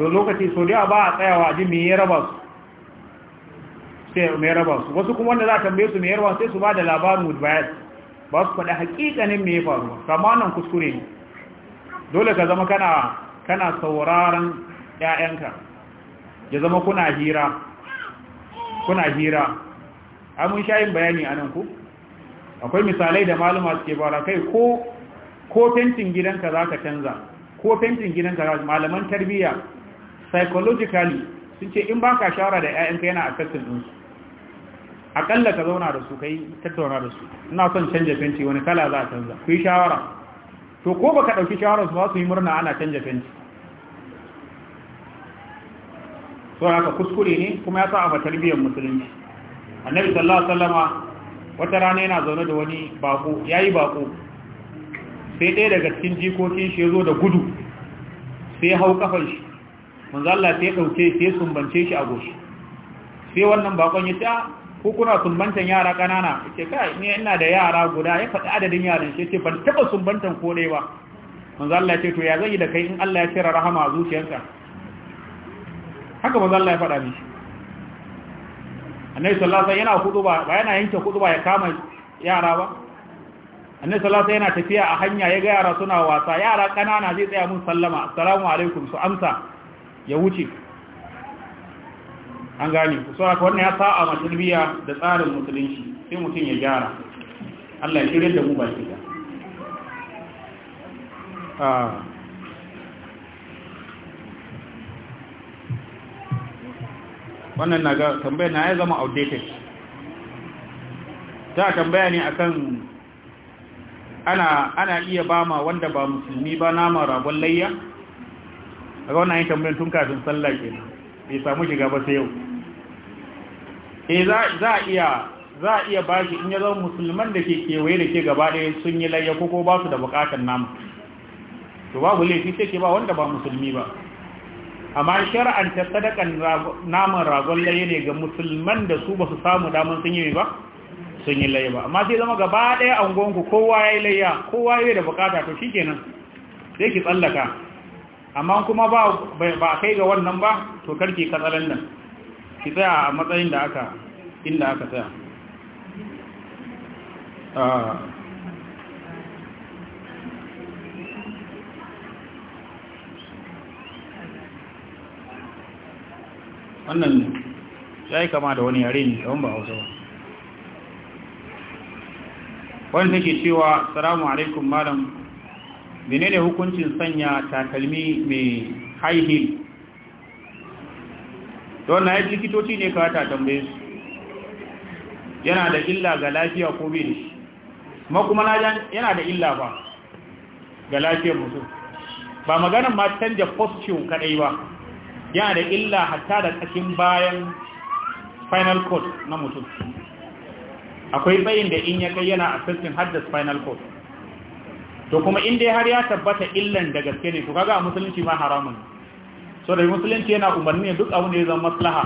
to lokaci so da ba a tsayawa a ji me ya raba su sai me su wasu kuma wanda za a tambaye su me ya raba sai su ba da labarin with bias ba su faɗi hakikanin me ya faru kamanan kuskure ne dole ka zama kana kana sauraron ƴaƴanka ya zama kuna hira kuna hira a mun sha yin bayani a nan ku akwai misalai da maluma suke bara kai ko ko fentin gidanka za ka canza ko fentin gidanka malaman tarbiyya psychologically sun ce in baka shawara da ƴaƴanka yana a affecting din su akalla ka zauna da su kai tattauna da su ina son canja fenti wani kala za a canza ku yi shawara to ko baka dauki shawara su ba su yi murna ana canja fenti to haka kuskure ne kuma ya sa a biyan musulunci annabi sallallahu alaihi wasallama wata rana yana zaune da wani bako yayi bako sai ɗaya daga cikin jikokin shi ya zo da gudu sai hau kafan shi manzo Allah sai dauke sai sumbance shi a goshi sai wannan bakon ya ce ah, ko kuna sumbantan yara kanana ce kai ni ina da yara guda ya faɗi adadin yaran shi ce ban taba sumbantan ko dai ba manzo Allah ya ce to ya zai da kai in Allah ya cire rahama a zuciyarka haka manzo Allah ya faɗa mishi annabi sallallahu alaihi wasallam yana huduba ba yana yanke ba ya kama yara ba annabi sallallahu alaihi yana tafiya a hanya ya ga yara suna wasa yara kanana zai tsaya mun sallama assalamu alaikum su amsa ya wuce an gane so saboda wannan ya sa'a ma tarbiyya da tsarin musulunci sai mutum ya gyara Allah ya shirya da mu ba da ah wannan na ga tambayar na ya zama outdated ta tambaya ne akan ana ana iya bama wanda ba musulmi ba nama ragon layya ga wannan yin tambayin tun kafin sallah ke bai samu shiga ba sai yau eh za a iya za a iya bashi in ya zama musulman da ke kewaye da ke gaba ɗaya sun yi layya ko ko ba su da buƙatar namu to babu laifi sai ke ba wanda ba musulmi ba amma ta sadakan naman ragon laye ne ga musulman da su ba su samu damar sun yi ba sun yi layya ba amma sai zama gaba ɗaya angonku kowa ya yi layya kowa ya yi da bukata to shi kenan sai ki tsallaka amma kuma ba ba kai ga wannan ba to karki katsalan nan ki tsaya a matsayin da aka inda aka tsaya ah. wannan ya yi kama da wani yare ne don ba hausa ba wani take cewa salamu alaikum malam menene hukuncin sanya takalmi mai high heel don na yi likitoci ne ka ta tambaye su yana da illa ga lafiya ko bai da shi kuma kuma yana da illa ba ga lafiyar mutum ba maganin ma canja posture kadai ba yana da illa hatta da tsakin bayan final cord na mutum akwai bayin da in ya kai yana affecting har da spinal cord to kuma in dai har ya tabbata illan da gaske ne to kaga a musulunci ma haramun so da musulunci yana umarni ne duk da ya zama maslaha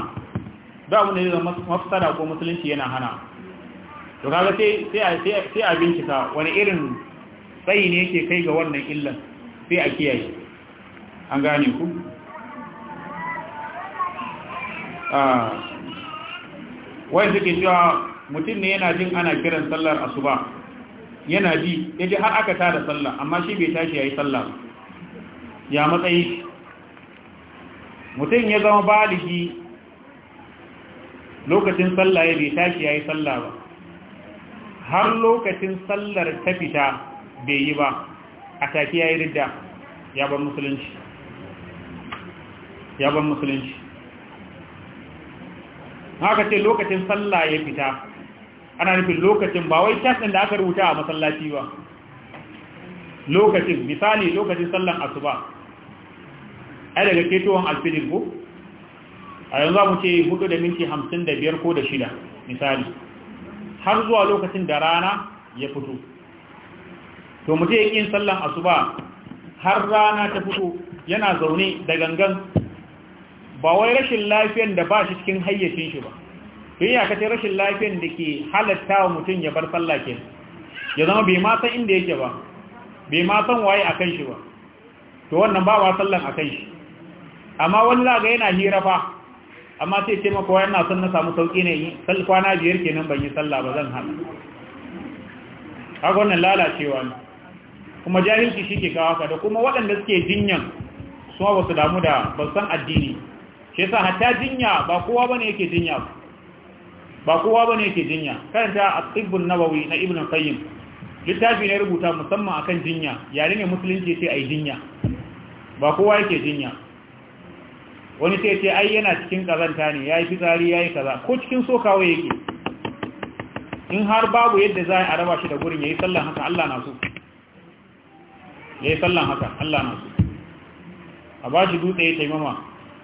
duk da ya zama mafsada ko musulunci yana hana to kaga sai sai sai a bincika wani irin tsayi ne yake kai ga wannan illan sai a kiyaye an gane ku ah wai suke cewa mutum ne yana jin ana kiran sallar asuba yana ji ya ji har aka da sallah amma shi bai tashi ya yi sallah ya matsayi mutum ya zama baliki. lokacin sallah ya bai tashi ya yi sallah ba har lokacin sallar ta fita bai yi ba a take ya yi ridda ya ban musulunci ya ban musulunci haka ce lokacin sallah ya fita ana nufin lokacin ba wai cas ɗin da aka rubuta a masallaci ba lokacin misali lokacin sallan asuba ai daga ketowar alfilin ko a yanzu mu ce hudu da minti 55 ko da shida misali har zuwa lokacin da rana ya fito to mu ce yin sallan asuba har rana ta fito yana zaune da gangan ba wai rashin lafiyan da ba shi cikin hayyacin shi ba tun ya kace rashin lafiyan da ke halatta wa mutum ya bar sallah ke ya zama bai ma san inda yake ba bai ma san waye kan shi ba to wannan ba wa sallan kan shi amma wani zaga yana hira fa amma sai ce maka yana son na samu sauki ne kwana biyar kenan ban yi sallah ba zan hana haka wannan lalacewa ne kuma jahilci shi ke kawo haka da kuma waɗanda suke jinyan su ba su damu da ban san addini shi yasa hatta jinya ba kowa bane yake jinya ba ba kowa ba ne ke jinya karanta a tsibbin nawawi na ibn qayyim littafi ne rubuta musamman akan jinya yare ne musulunci sai ai jinya ba kowa yake jinya wani sai ce ai yana cikin kazanta ne yayi fitsari yayi kaza ko cikin sokawa yake in har babu yadda za a raba shi da gurin yayi sallan haka Allah na so yayi sallan haka Allah na so a ba shi dutse ya taimama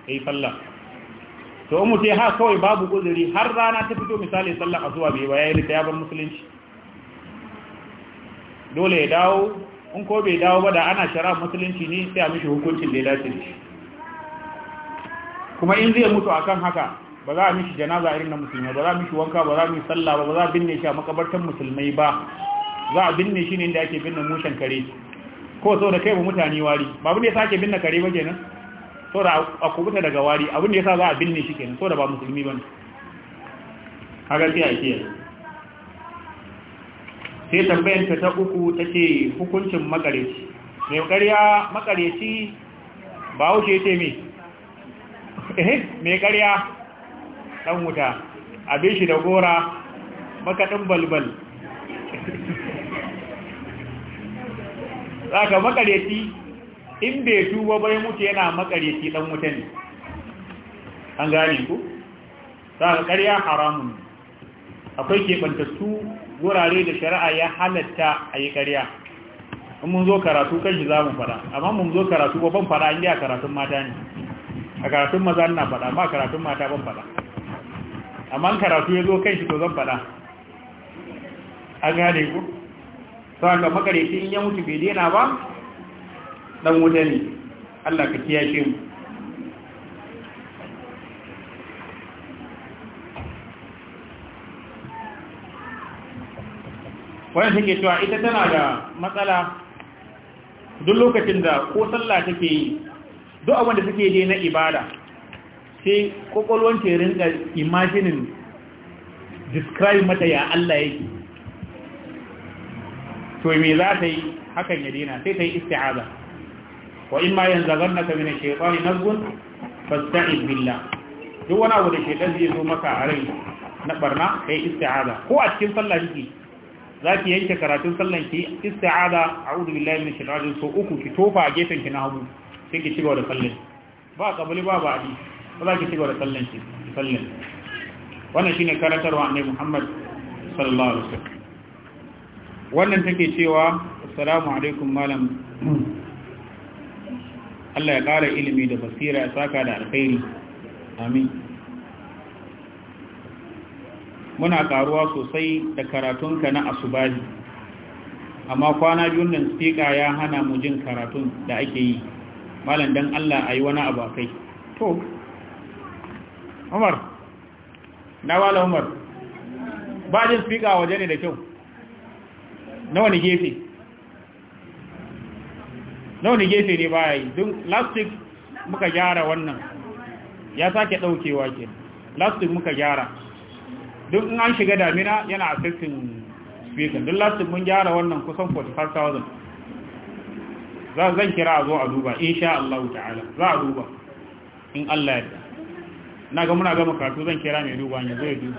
yayi sallah to mu sai ha kawai babu uzuri har rana ta fito misali sallah azuwa bai ba da ta yaban musulunci dole ya dawo in ko bai dawo ba da ana shara musulunci ne sai a mishi hukuncin da ya dace da shi kuma in zai mutu akan haka ba za a mishi janaza irin na musulmai ba za a mishi wanka ba za a mishi sallah ba ba za a binne shi a makabartan musulmai ba za a binne shi ne inda ake binne mushen kare ko so da kai ba mutane wari babu ne sake binne kare ba kenan saboda a kubuta daga wari abin da sa za a binne shi kenan saboda ba musulmi ba ne. a sai a kiyaye sai tambayar ta uku ta ce hukuncin makareci mai ƙarya makareci ba wuce ce mai eh mai ƙarya dan wuta abin shi da gora makaɗin balbal [laughs] za ka makareci in bai tuba bai mutu yana makareci dan wuta ne an gane ku saka ƙarya haramun akwai su wurare da shari'a ya halatta a yi ƙarya in mun zo karatu kan shi za mu fada amma mun zo karatu ba ban fara inda a karatun mata ne a karatun maza na fara ba karatun mata ban fara amma karatu ya zo kan shi to zan fara an gane ku saka makareci in ya mutu bai daina ba dan wuta ne Allah ka kiyashe mu wani take cewa ita tana da matsala duk lokacin da ko sallah take yi duk abin da take yi na ibada sai kwakwalwar ce rinka imaginin describe mata ya Allah yake to me za ta yi hakan ya dina sai ta yi isti'aza wa in ma yanzaghannaka min ash-shaytani nazghun fasta'id billah duk wani abu da shaytan zai zo maka a rai na barna kai isti'aza ko a cikin sallah kike zaki yanke karatun sallan ki a a'udhu billahi minash shaitanir so uku ki tofa a gefen ki na hagu sai ki cigaba da sallan ba kabuli ba ba adi ba za ki cigaba da sallan ki sallan wannan shine karantarwa ne Muhammad sallallahu alaihi wasallam wannan take cewa assalamu alaikum malam Allah ya ƙara ilimi da basira ya saka da alkhairi amin muna karuwa sosai da karatunka na asubahi amma kwana biyun nan ya hana mu jin karatun da ake yi malam dan Allah ayi wani abu kai to Umar na wala Umar ba jin spika waje ne da kyau na wani gefe na wani gefe ne baya yi don lastic muka gyara wannan ya sake daukewa ke lastic muka gyara don in an shiga damina yana a assisting speaker don lastic mun gyara wannan kusan 45,000 za zan kira a zo a duba insha Allah ta'ala za a duba in Allah ya na ga muna gama karatu zan kira mai duba ne zai duba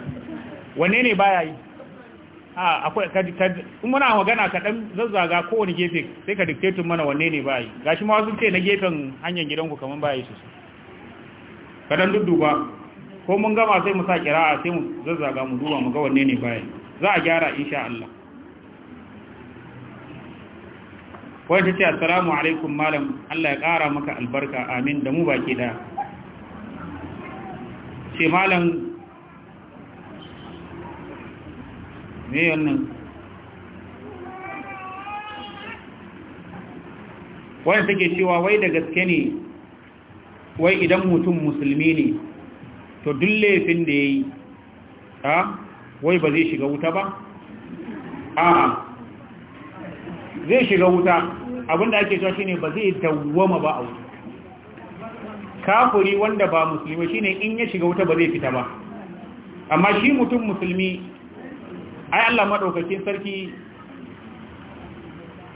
wanne ne baya yi a akwai ka in muna magana ka dan zazzaga kowane gefe sai ka dictating mana wanne ne ba yi gashi ma wasu ce na gefen hanyar gidanku kaman ba su ka dan dudduba ko mun gama sai mu sa kira'a sai mu zazzaga mu duba mu ga wanne ne ba za a gyara insha Allah Wani ta ce assalamu alaikum malam Allah ya ƙara maka albarka amin da mu baki da ce malam me wannan wanda take cewa wai da gaske ne wai idan mutum musulmi ne to duk laifin da ya yi ha wai ba zai shiga wuta ba a zai shiga wuta abinda ake cewa shine ba zai dawwama ba a wuta kafuri wanda ba musulmi shine in ya shiga wuta ba zai fita ba amma shi mutum musulmi ai Allah madaukakin sarki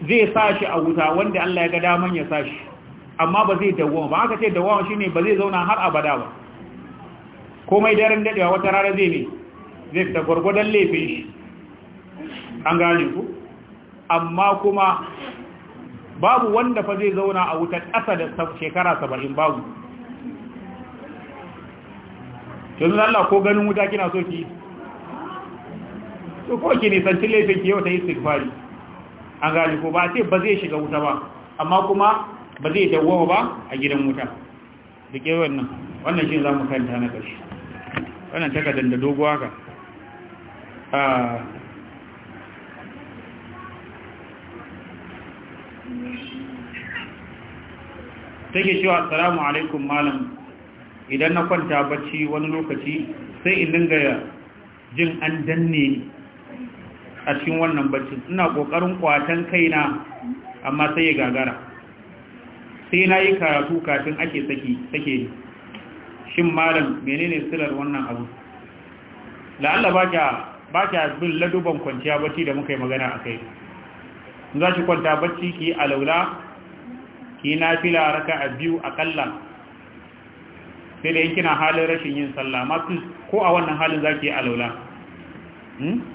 zai sashi a wuta wanda Allah ya ga daman ya sashi, amma ba zai dawo ba aka ce dawwama shine ba zai zauna har abada ba komai daren dadewa wata rana zai ne zai ta gwargwadon laifin shi an gane ku amma kuma babu wanda fa zai zauna a wuta ƙasa da shekara saba'in babu yanzu Allah ko ganin wuta kina so ki to ko ki nisanci laifin ki yau ta istighfari an gani ko ba sai ba zai shiga wuta ba amma kuma ba zai dawwama ba a gidan wuta da ke wannan wannan shi za mu kanta na ƙarshe wannan takardar da dogo haka ah. take cewa assalamu alaikum malam idan na kwanta bacci wani lokaci sai in dinga jin an danne ni a cikin wannan baccin ina kokarin kwatan kaina amma sai ya gagara sai na yi karatu kafin ake sake shin malam menene silar wannan abu la'alla ba kya bin laduban kwanciya bacci da muka yi magana a kai za ki kwanta bacci ki a laula ki na fila raka a biyu akalla sai da yankina halin rashin yin sallah masu ko a wannan halin za ki yi a laula? Hmm?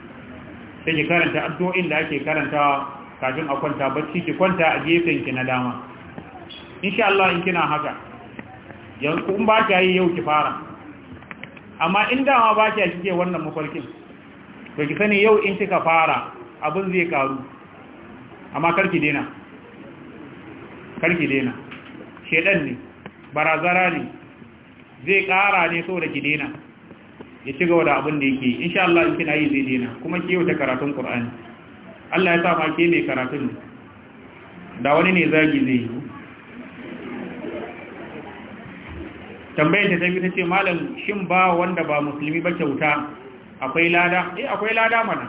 sai ki karanta addu'o'in da ake karantawa kafin a kwanta bacci ki kwanta a gefen ki na dama insha Allah in kina haka yanzu in ba ki yi yau ki fara amma in dama ba ki kike wannan mafarkin to ki sani yau in kika fara abin zai karu amma ki dena ki dena shedan ne barazara ne zai kara ne saboda ki dena ya ci gaba da abin da yake insha Allah in kina yi zai dena kuma ki yau ta karatun Qur'ani Allah ya sa ma ke mai karatun da wani ne zagi zai yi tambayar ta tafi ta ce malam shin ba wanda ba musulmi ba kyauta akwai lada eh akwai lada mana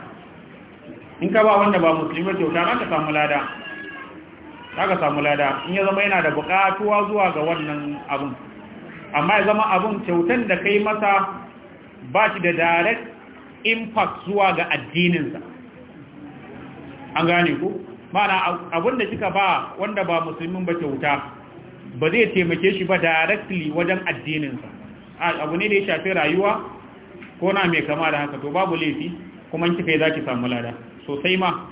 in ka ba wanda ba musulmi ba kyauta za ka samu lada za ka samu lada in ya zama yana da buƙatuwa zuwa ga wannan abin amma ya zama abin kyautan da kai masa ba shi da direct impact zuwa ga addininsa an gane ku mana abinda kika ba wanda ba musulmin ba kyauta ba zai taimake shi ba directly wajen addininsa abu ne da ya shafi rayuwa ko na mai kama da haka to babu laifi kuma kika yi za ki samu lada sosai ma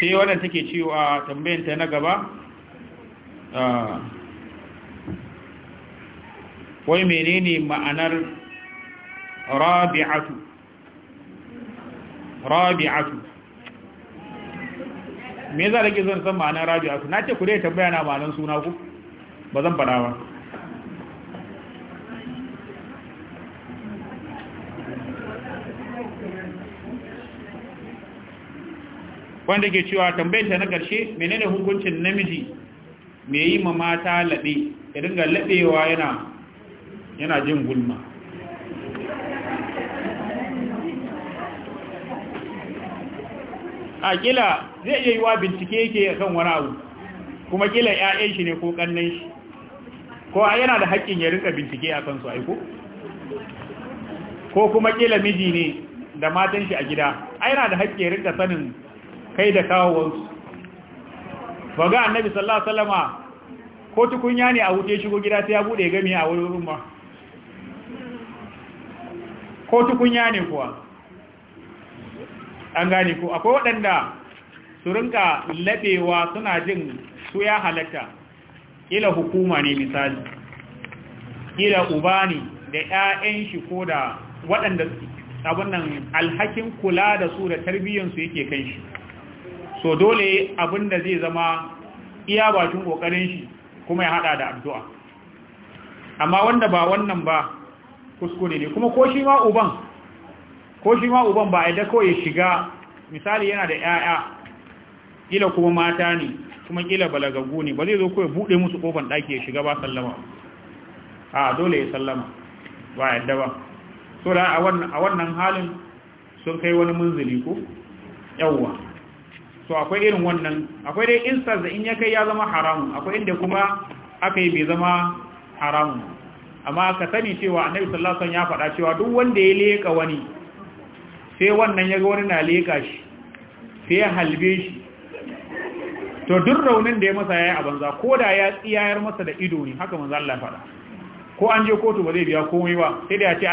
sai wadanda take cewa tambayanta na gaba ah, wai menene ma'anar rabi'atu rabi'atu me za da ke zan san ma'anar rabi'atu na ce ku dai tambaya na ma'anar suna ku ba zan faɗa ba wanda ke cewa tambayar ta na ƙarshe menene hukuncin namiji me yi ma mata laɓe ya dinga laɓewa yana yana jin gulma a kila zai iya yi wa bincike yake a kan wani abu kuma kila ‘ya'yan shi ne ko kannan shi ko a yana da haƙƙin ya rinka bincike a kansu aiko ko kuma kila miji ne da matan shi a gida a yana da haƙƙin ya rinka sanin kai da kawowarsu ba ga annabi sallallahu alaihi ko tukunya ne a wuce shigo gida sai ya bude gami a wurin ma ko tukunya ne kuwa an gane ko akwai waɗanda su rinka laɓewa suna jin su ya halatta ila hukuma ne misali ila uba ne da 'ya'yan shi ko da waɗanda abin alhakin kula da su da tarbiyyansu yake kan shi so dole abin zai zama iya bakin ƙoƙarin shi kuma ya haɗa da addu'a amma wanda ba wannan ba kuskure ne kuma ko shi ma uban ko shi ma uban ba yadda kawai shiga misali yana da 'ya'ya kila kuma mata ne kuma kila balagaggu ne ba zai zo kawai buɗe musu kofan daki ya shiga ba sallama a dole ya sallama ba yadda ba so da a wannan halin sun kai wani munzili ko yawwa so akwai irin wannan akwai dai insta da in ya kai ya zama haramun akwai inda kuma aka yi bai zama haramun amma ka sani cewa annabi sallallahu alaihi wasallam ya faɗa cewa duk wanda ya leka wani sai wannan ya wani na leka shi sai ya halbe shi to duk raunin da ya masa yayi a banza ko da ya tsiyayar masa da ido ne haka manzo Allah faɗa ko an je kotu ba zai biya komai ba sai da ya